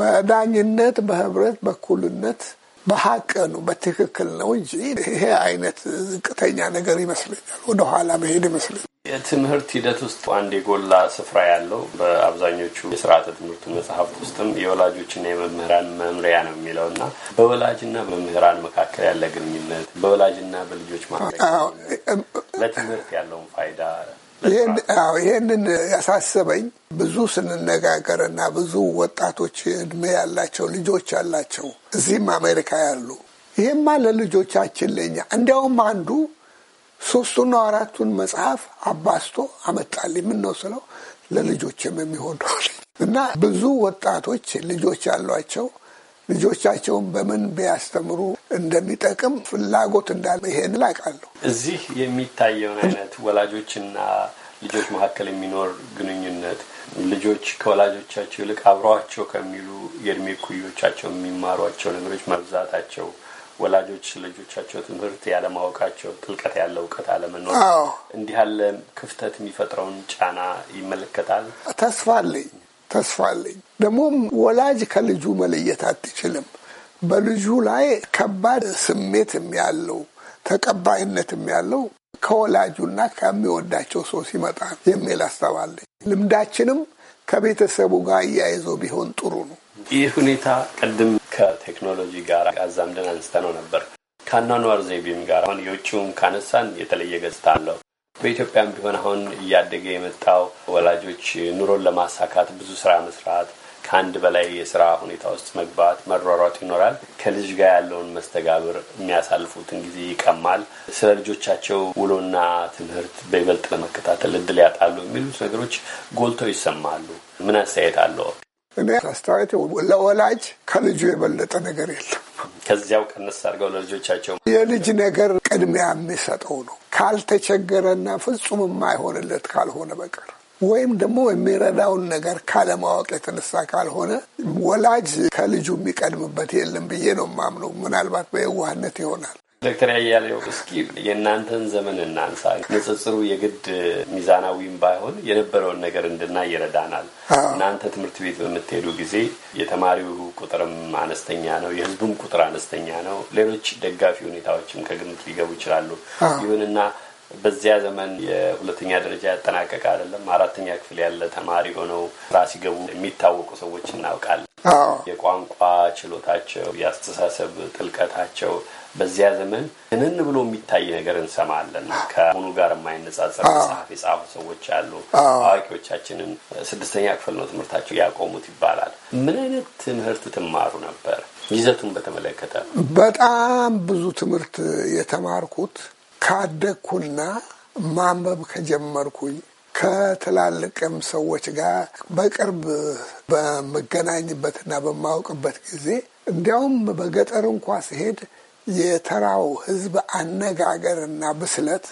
Speaker 5: በዳኝነት በህብረት በኩልነት በሀቅ ነው በትክክል ነው እንጂ ይሄ አይነት ዝቅተኛ ነገር ይመስለኛል፣ ወደኋላ መሄድ ይመስለኛል።
Speaker 16: የትምህርት ሂደት ውስጥ አንድ የጎላ ስፍራ ያለው በአብዛኞቹ የስርዓተ ትምህርቱ መጽሐፍት ውስጥም የወላጆችና የመምህራን መምሪያ ነው የሚለው እና በወላጅና በመምህራን መካከል ያለ ግንኙነት በወላጅና በልጆች ለትምህርት ያለውን ፋይዳ
Speaker 5: ይህንን ያሳሰበኝ ብዙ ስንነጋገር እና ብዙ ወጣቶች እድሜ ያላቸው ልጆች ያላቸው እዚህም አሜሪካ ያሉ ይህማ ለልጆቻችን ለኛ እንዲያውም አንዱ ሶስቱና አራቱን መጽሐፍ አባስቶ አመጣል ምን ስለው ለልጆችም የሚሆን እና ብዙ ወጣቶች ልጆች ያሏቸው ልጆቻቸውን በምን ቢያስተምሩ እንደሚጠቅም ፍላጎት እንዳለ ይሄን ላቃለሁ።
Speaker 16: እዚህ የሚታየውን አይነት ወላጆችና ልጆች መካከል የሚኖር ግንኙነት ልጆች ከወላጆቻቸው ይልቅ አብረዋቸው ከሚሉ የእድሜ ኩዮቻቸው የሚማሯቸው ነገሮች መብዛታቸው ወላጆች ልጆቻቸው ትምህርት ያለማወቃቸው፣ ጥልቀት ያለ እውቀት አለመኖር እንዲህ ያለ ክፍተት የሚፈጥረውን ጫና ይመለከታል። ተስፋ አለኝ
Speaker 5: ተስፋ አለኝ። ደግሞም ወላጅ ከልጁ መለየት አትችልም። በልጁ ላይ ከባድ ስሜት ያለው ተቀባይነት ያለው ከወላጁና ከሚወዳቸው ሰው ሲመጣ የሚል አስተባለኝ። ልምዳችንም ከቤተሰቡ ጋር እያይዘው
Speaker 16: ቢሆን ጥሩ ነው። ይህ ሁኔታ ቅድም ከቴክኖሎጂ ጋር አዛምደን አንስተ ነው ነበር ከአኗኗር ዘይቤም ጋር አሁን የውጭውም ካነሳን የተለየ ገጽታ አለው። በኢትዮጵያም ቢሆን አሁን እያደገ የመጣው ወላጆች ኑሮን ለማሳካት ብዙ ስራ መስራት፣ ከአንድ በላይ የስራ ሁኔታ ውስጥ መግባት፣ መሯሯጥ ይኖራል። ከልጅ ጋር ያለውን መስተጋብር የሚያሳልፉትን ጊዜ ይቀማል። ስለ ልጆቻቸው ውሎና ትምህርት በይበልጥ ለመከታተል እድል ያጣሉ የሚሉት ነገሮች ጎልተው ይሰማሉ። ምን አስተያየት አለው?
Speaker 5: እኔ አስተያየት ለወላጅ
Speaker 16: ከልጁ የበለጠ ነገር የለም። ከዚያው ቀንስ አድርገው ለልጆቻቸው የልጅ
Speaker 5: ነገር ቅድሚያ የሚሰጠው ነው ካልተቸገረና ፍጹም የማይሆንለት ካልሆነ በቀር ወይም ደግሞ የሚረዳውን ነገር ካለማወቅ የተነሳ ካልሆነ ወላጅ ከልጁ የሚቀድምበት የለም ብዬ ነው የማምነው። ምናልባት በየዋህነት ይሆናል።
Speaker 16: ዶክተር አያሌው እስኪ የእናንተን ዘመን እናንሳ። ንጽጽሩ የግድ ሚዛናዊም ባይሆን የነበረውን ነገር እንድናይ ይረዳናል። እናንተ ትምህርት ቤት በምትሄዱ ጊዜ የተማሪው ቁጥርም አነስተኛ ነው፣ የህዝቡም ቁጥር አነስተኛ ነው። ሌሎች ደጋፊ ሁኔታዎችም ከግምት ሊገቡ ይችላሉ። ይሁንና በዚያ ዘመን የሁለተኛ ደረጃ ያጠናቀቀ አይደለም አራተኛ ክፍል ያለ ተማሪ ሆነው ስራ ሲገቡ የሚታወቁ ሰዎች እናውቃለን። የቋንቋ ችሎታቸው፣ የአስተሳሰብ ጥልቀታቸው በዚያ ዘመን ህንን ብሎ የሚታይ ነገር እንሰማለን። ከአሁኑ ጋር የማይነጻጸር መጽሐፍ የጻፉ ሰዎች አሉ። አዋቂዎቻችንን ስድስተኛ ክፍል ነው ትምህርታቸው ያቆሙት ይባላል። ምን አይነት ትምህርት ትማሩ ነበር? ይዘቱን በተመለከተ
Speaker 5: በጣም ብዙ ትምህርት የተማርኩት ካደግኩና ማንበብ ከጀመርኩኝ ከትላልቅም ሰዎች ጋር በቅርብ በመገናኝበትና በማወቅበት ጊዜ እንዲያውም በገጠር እንኳ ሲሄድ የተራው ሕዝብ አነጋገርና ብስለት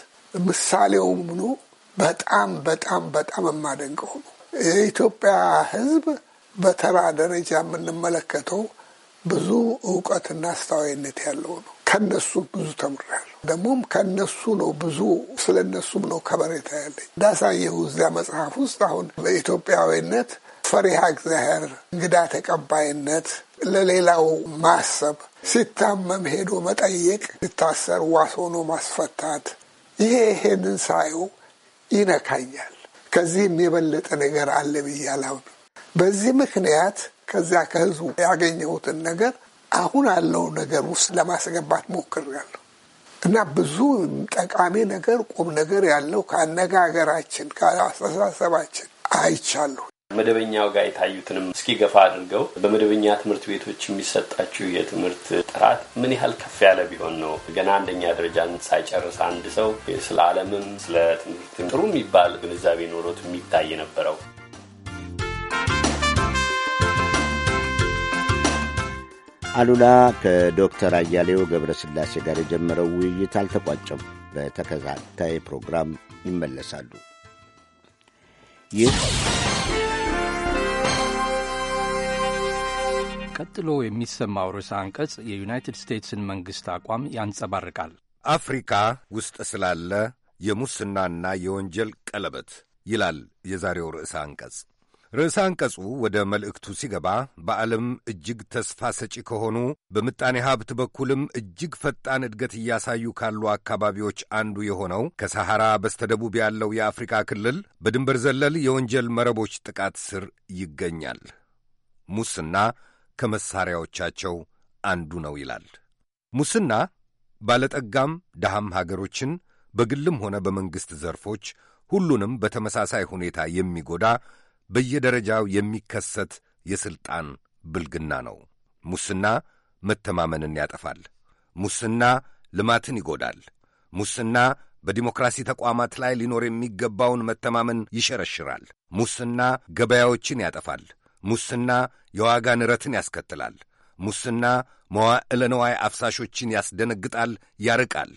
Speaker 5: ምሳሌው ምኑ በጣም በጣም በጣም የማደንቀው ነው። የኢትዮጵያ ሕዝብ በተራ ደረጃ የምንመለከተው ብዙ እውቀትና አስተዋይነት ያለው ነው። ከነሱ ብዙ ተምሬያለሁ። ደግሞም ከነሱ ነው ብዙ ስለ እነሱም ነው ከበሬታ ያለኝ። እንዳሳየሁ እዚያ መጽሐፍ ውስጥ አሁን በኢትዮጵያዊነት ፈሪሃ እግዚአብሔር፣ እንግዳ ተቀባይነት፣ ለሌላው ማሰብ፣ ሲታመም ሄዶ መጠየቅ፣ ሲታሰር ዋስ ሆኖ ማስፈታት፣ ይሄ ይሄንን ሳየው ይነካኛል። ከዚህም የበለጠ ነገር አለ ብዬ በዚህ ምክንያት ከዚያ ከህዝቡ ያገኘሁትን ነገር አሁን ያለው ነገር ውስጥ ለማስገባት ያለው እና ብዙ ጠቃሚ ነገር ቁም ነገር ያለው ከአነጋገራችን ከአስተሳሰባችን
Speaker 16: አይቻሉ መደበኛው ጋር የታዩትንም እስኪ ገፋ አድርገው በመደበኛ ትምህርት ቤቶች የሚሰጣችው የትምህርት ጥራት ምን ያህል ከፍ ያለ ቢሆን ነው? ገና አንደኛ ደረጃን ሳይጨርስ አንድ ሰው ስለ ዓለምም ስለ ትምህርትም ጥሩ የሚባል ግንዛቤ ኖሮት የሚታይ ነበረው?
Speaker 1: አሉላ ከዶክተር አያሌው ስላሴ ጋር የጀመረው ውይይት አልተቋጨም። በተከታታይ ፕሮግራም ይመለሳሉ። ይህ
Speaker 4: ቀጥሎ የሚሰማው ርዕሰ አንቀጽ የዩናይትድ ስቴትስን መንግሥት አቋም ያንጸባርቃል።
Speaker 11: አፍሪካ ውስጥ ስላለ የሙስናና የወንጀል ቀለበት ይላል የዛሬው ርዕሰ አንቀጽ። ርዕሰ አንቀጹ ወደ መልእክቱ ሲገባ በዓለም እጅግ ተስፋ ሰጪ ከሆኑ በምጣኔ ሀብት በኩልም እጅግ ፈጣን እድገት እያሳዩ ካሉ አካባቢዎች አንዱ የሆነው ከሰሐራ በስተደቡብ ያለው የአፍሪካ ክልል በድንበር ዘለል የወንጀል መረቦች ጥቃት ስር ይገኛል። ሙስና ከመሳሪያዎቻቸው አንዱ ነው ይላል። ሙስና ባለጠጋም ደሃም ሀገሮችን በግልም ሆነ በመንግሥት ዘርፎች ሁሉንም በተመሳሳይ ሁኔታ የሚጎዳ በየደረጃው የሚከሰት የሥልጣን ብልግና ነው። ሙስና መተማመንን ያጠፋል። ሙስና ልማትን ይጎዳል። ሙስና በዲሞክራሲ ተቋማት ላይ ሊኖር የሚገባውን መተማመን ይሸረሽራል። ሙስና ገበያዎችን ያጠፋል። ሙስና የዋጋ ንረትን ያስከትላል። ሙስና መዋዕለ ነዋይ አፍሳሾችን ያስደነግጣል፣ ያርቃል።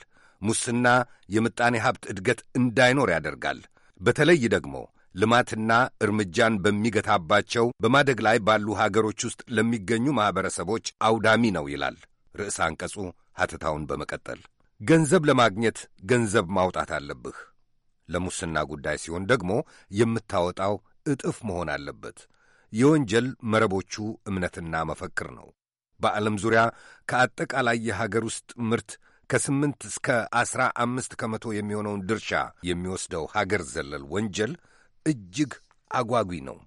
Speaker 11: ሙስና የምጣኔ ሀብት ዕድገት እንዳይኖር ያደርጋል። በተለይ ደግሞ ልማትና እርምጃን በሚገታባቸው በማደግ ላይ ባሉ ሀገሮች ውስጥ ለሚገኙ ማኅበረሰቦች አውዳሚ ነው ይላል ርዕስ አንቀጹ ሐተታውን በመቀጠል ገንዘብ ለማግኘት ገንዘብ ማውጣት አለብህ። ለሙስና ጉዳይ ሲሆን ደግሞ የምታወጣው እጥፍ መሆን አለበት። የወንጀል መረቦቹ እምነትና መፈክር ነው። በዓለም ዙሪያ ከአጠቃላይ የሀገር ውስጥ ምርት ከስምንት እስከ ዐሥራ አምስት ከመቶ የሚሆነውን ድርሻ የሚወስደው ሀገር ዘለል ወንጀል እጅግ አጓጊ ነው።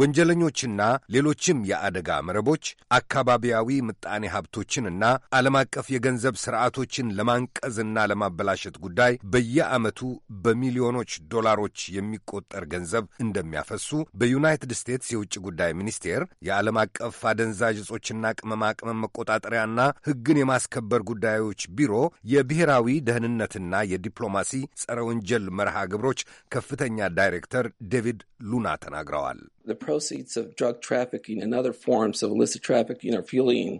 Speaker 11: ወንጀለኞችና ሌሎችም የአደጋ መረቦች አካባቢያዊ ምጣኔ ሀብቶችንና ዓለም አቀፍ የገንዘብ ስርዓቶችን ለማንቀዝና ለማበላሸት ጉዳይ በየዓመቱ በሚሊዮኖች ዶላሮች የሚቆጠር ገንዘብ እንደሚያፈሱ በዩናይትድ ስቴትስ የውጭ ጉዳይ ሚኒስቴር የዓለም አቀፍ አደንዛዥ እጾችና ቅመማ ቅመም መቆጣጠሪያና ሕግን የማስከበር ጉዳዮች ቢሮ የብሔራዊ ደህንነትና የዲፕሎማሲ ጸረ ወንጀል መርሃ ግብሮች ከፍተኛ ዳይሬክተር ዴቪድ
Speaker 7: ሉና ተናግረዋል። the proceeds of drug trafficking and other forms of illicit trafficking are fueling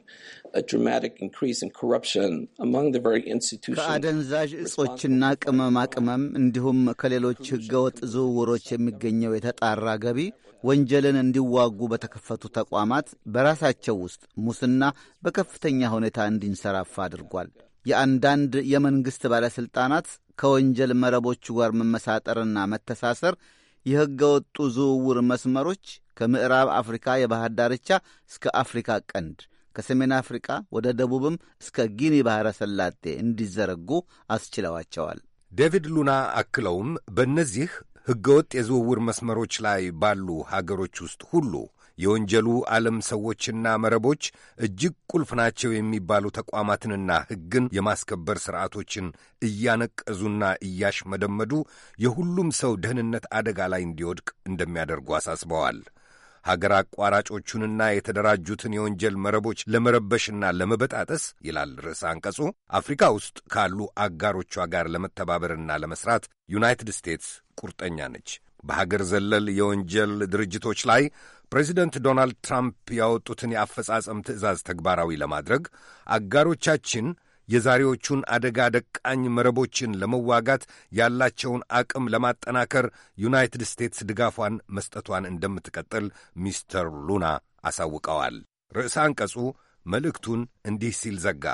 Speaker 7: a dramatic increase in corruption among the very institutions.
Speaker 6: ከአደንዛዥ እጾችና ቅመማ ቅመም እንዲሁም ከሌሎች ህገወጥ ዝውውሮች የሚገኘው የተጣራ ገቢ ወንጀልን እንዲዋጉ በተከፈቱ ተቋማት በራሳቸው ውስጥ ሙስና በከፍተኛ ሁኔታ እንዲንሰራፋ አድርጓል። የአንዳንድ የመንግሥት ባለሥልጣናት ከወንጀል መረቦቹ ጋር መመሳጠርና መተሳሰር ወጡ ዝውውር መስመሮች ከምዕራብ አፍሪካ የባህር ዳርቻ እስከ አፍሪካ ቀንድ ከሰሜን አፍሪካ ወደ ደቡብም እስከ ጊኒ ባሕረ ሰላጤ እንዲዘረጉ አስችለዋቸዋል። ዴቪድ ሉና አክለውም በእነዚህ ሕገወጥ የዝውውር
Speaker 11: መስመሮች ላይ ባሉ ሀገሮች ውስጥ ሁሉ የወንጀሉ ዓለም ሰዎችና መረቦች እጅግ ቁልፍ ናቸው የሚባሉ ተቋማትንና ሕግን የማስከበር ስርዓቶችን እያነቀዙና እያሽመደመዱ የሁሉም ሰው ደህንነት አደጋ ላይ እንዲወድቅ እንደሚያደርጉ አሳስበዋል። ሀገር አቋራጮቹንና የተደራጁትን የወንጀል መረቦች ለመረበሽና ለመበጣጠስ ይላል ርዕሰ አንቀጹ፣ አፍሪካ ውስጥ ካሉ አጋሮቿ ጋር ለመተባበርና ለመስራት ዩናይትድ ስቴትስ ቁርጠኛ ነች። በሀገር ዘለል የወንጀል ድርጅቶች ላይ ፕሬዚደንት ዶናልድ ትራምፕ ያወጡትን የአፈጻጸም ትዕዛዝ ተግባራዊ ለማድረግ አጋሮቻችን የዛሬዎቹን አደጋ ደቃኝ መረቦችን ለመዋጋት ያላቸውን አቅም ለማጠናከር ዩናይትድ ስቴትስ ድጋፏን መስጠቷን እንደምትቀጥል ሚስተር ሉና አሳውቀዋል። ርዕሰ አንቀጹ መልእክቱን እንዲህ ሲል ዘጋ።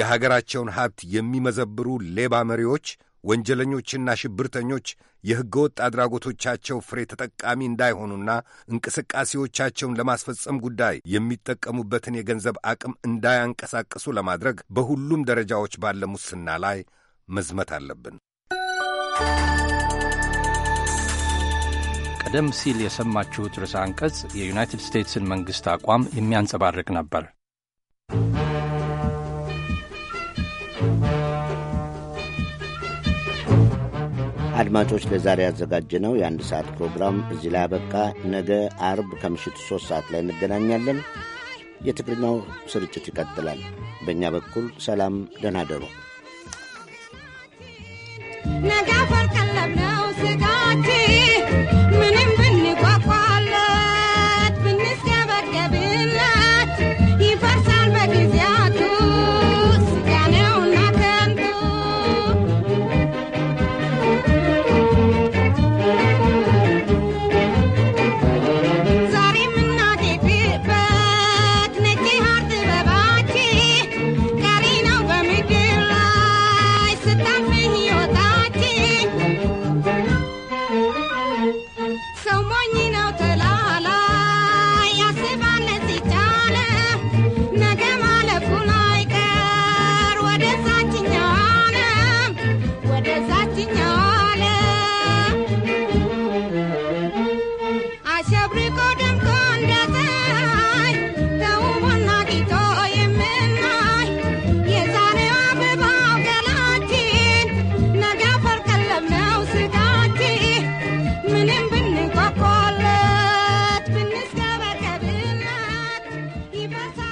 Speaker 11: የሀገራቸውን ሀብት የሚመዘብሩ ሌባ መሪዎች ወንጀለኞችና ሽብርተኞች ወጥ አድራጎቶቻቸው ፍሬ ተጠቃሚ እንዳይሆኑና እንቅስቃሴዎቻቸውን ለማስፈጸም ጉዳይ የሚጠቀሙበትን የገንዘብ አቅም እንዳያንቀሳቅሱ ለማድረግ በሁሉም ደረጃዎች ባለ ሙስና ላይ መዝመት አለብን።
Speaker 2: ቀደም ሲል የሰማችሁት ርዕሰ አንቀጽ የዩናይትድ ስቴትስን መንግሥት አቋም የሚያንጸባርቅ ነበር።
Speaker 1: አድማጮች ለዛሬ ያዘጋጀነው የአንድ ሰዓት ፕሮግራም እዚህ ላይ አበቃ። ነገ አርብ ከምሽቱ ሶስት ሰዓት ላይ እንገናኛለን። የትግርኛው ስርጭት ይቀጥላል። በእኛ በኩል ሰላም፣ ደህና ደሩ።
Speaker 9: ፈርቀለብነው ስጋቲ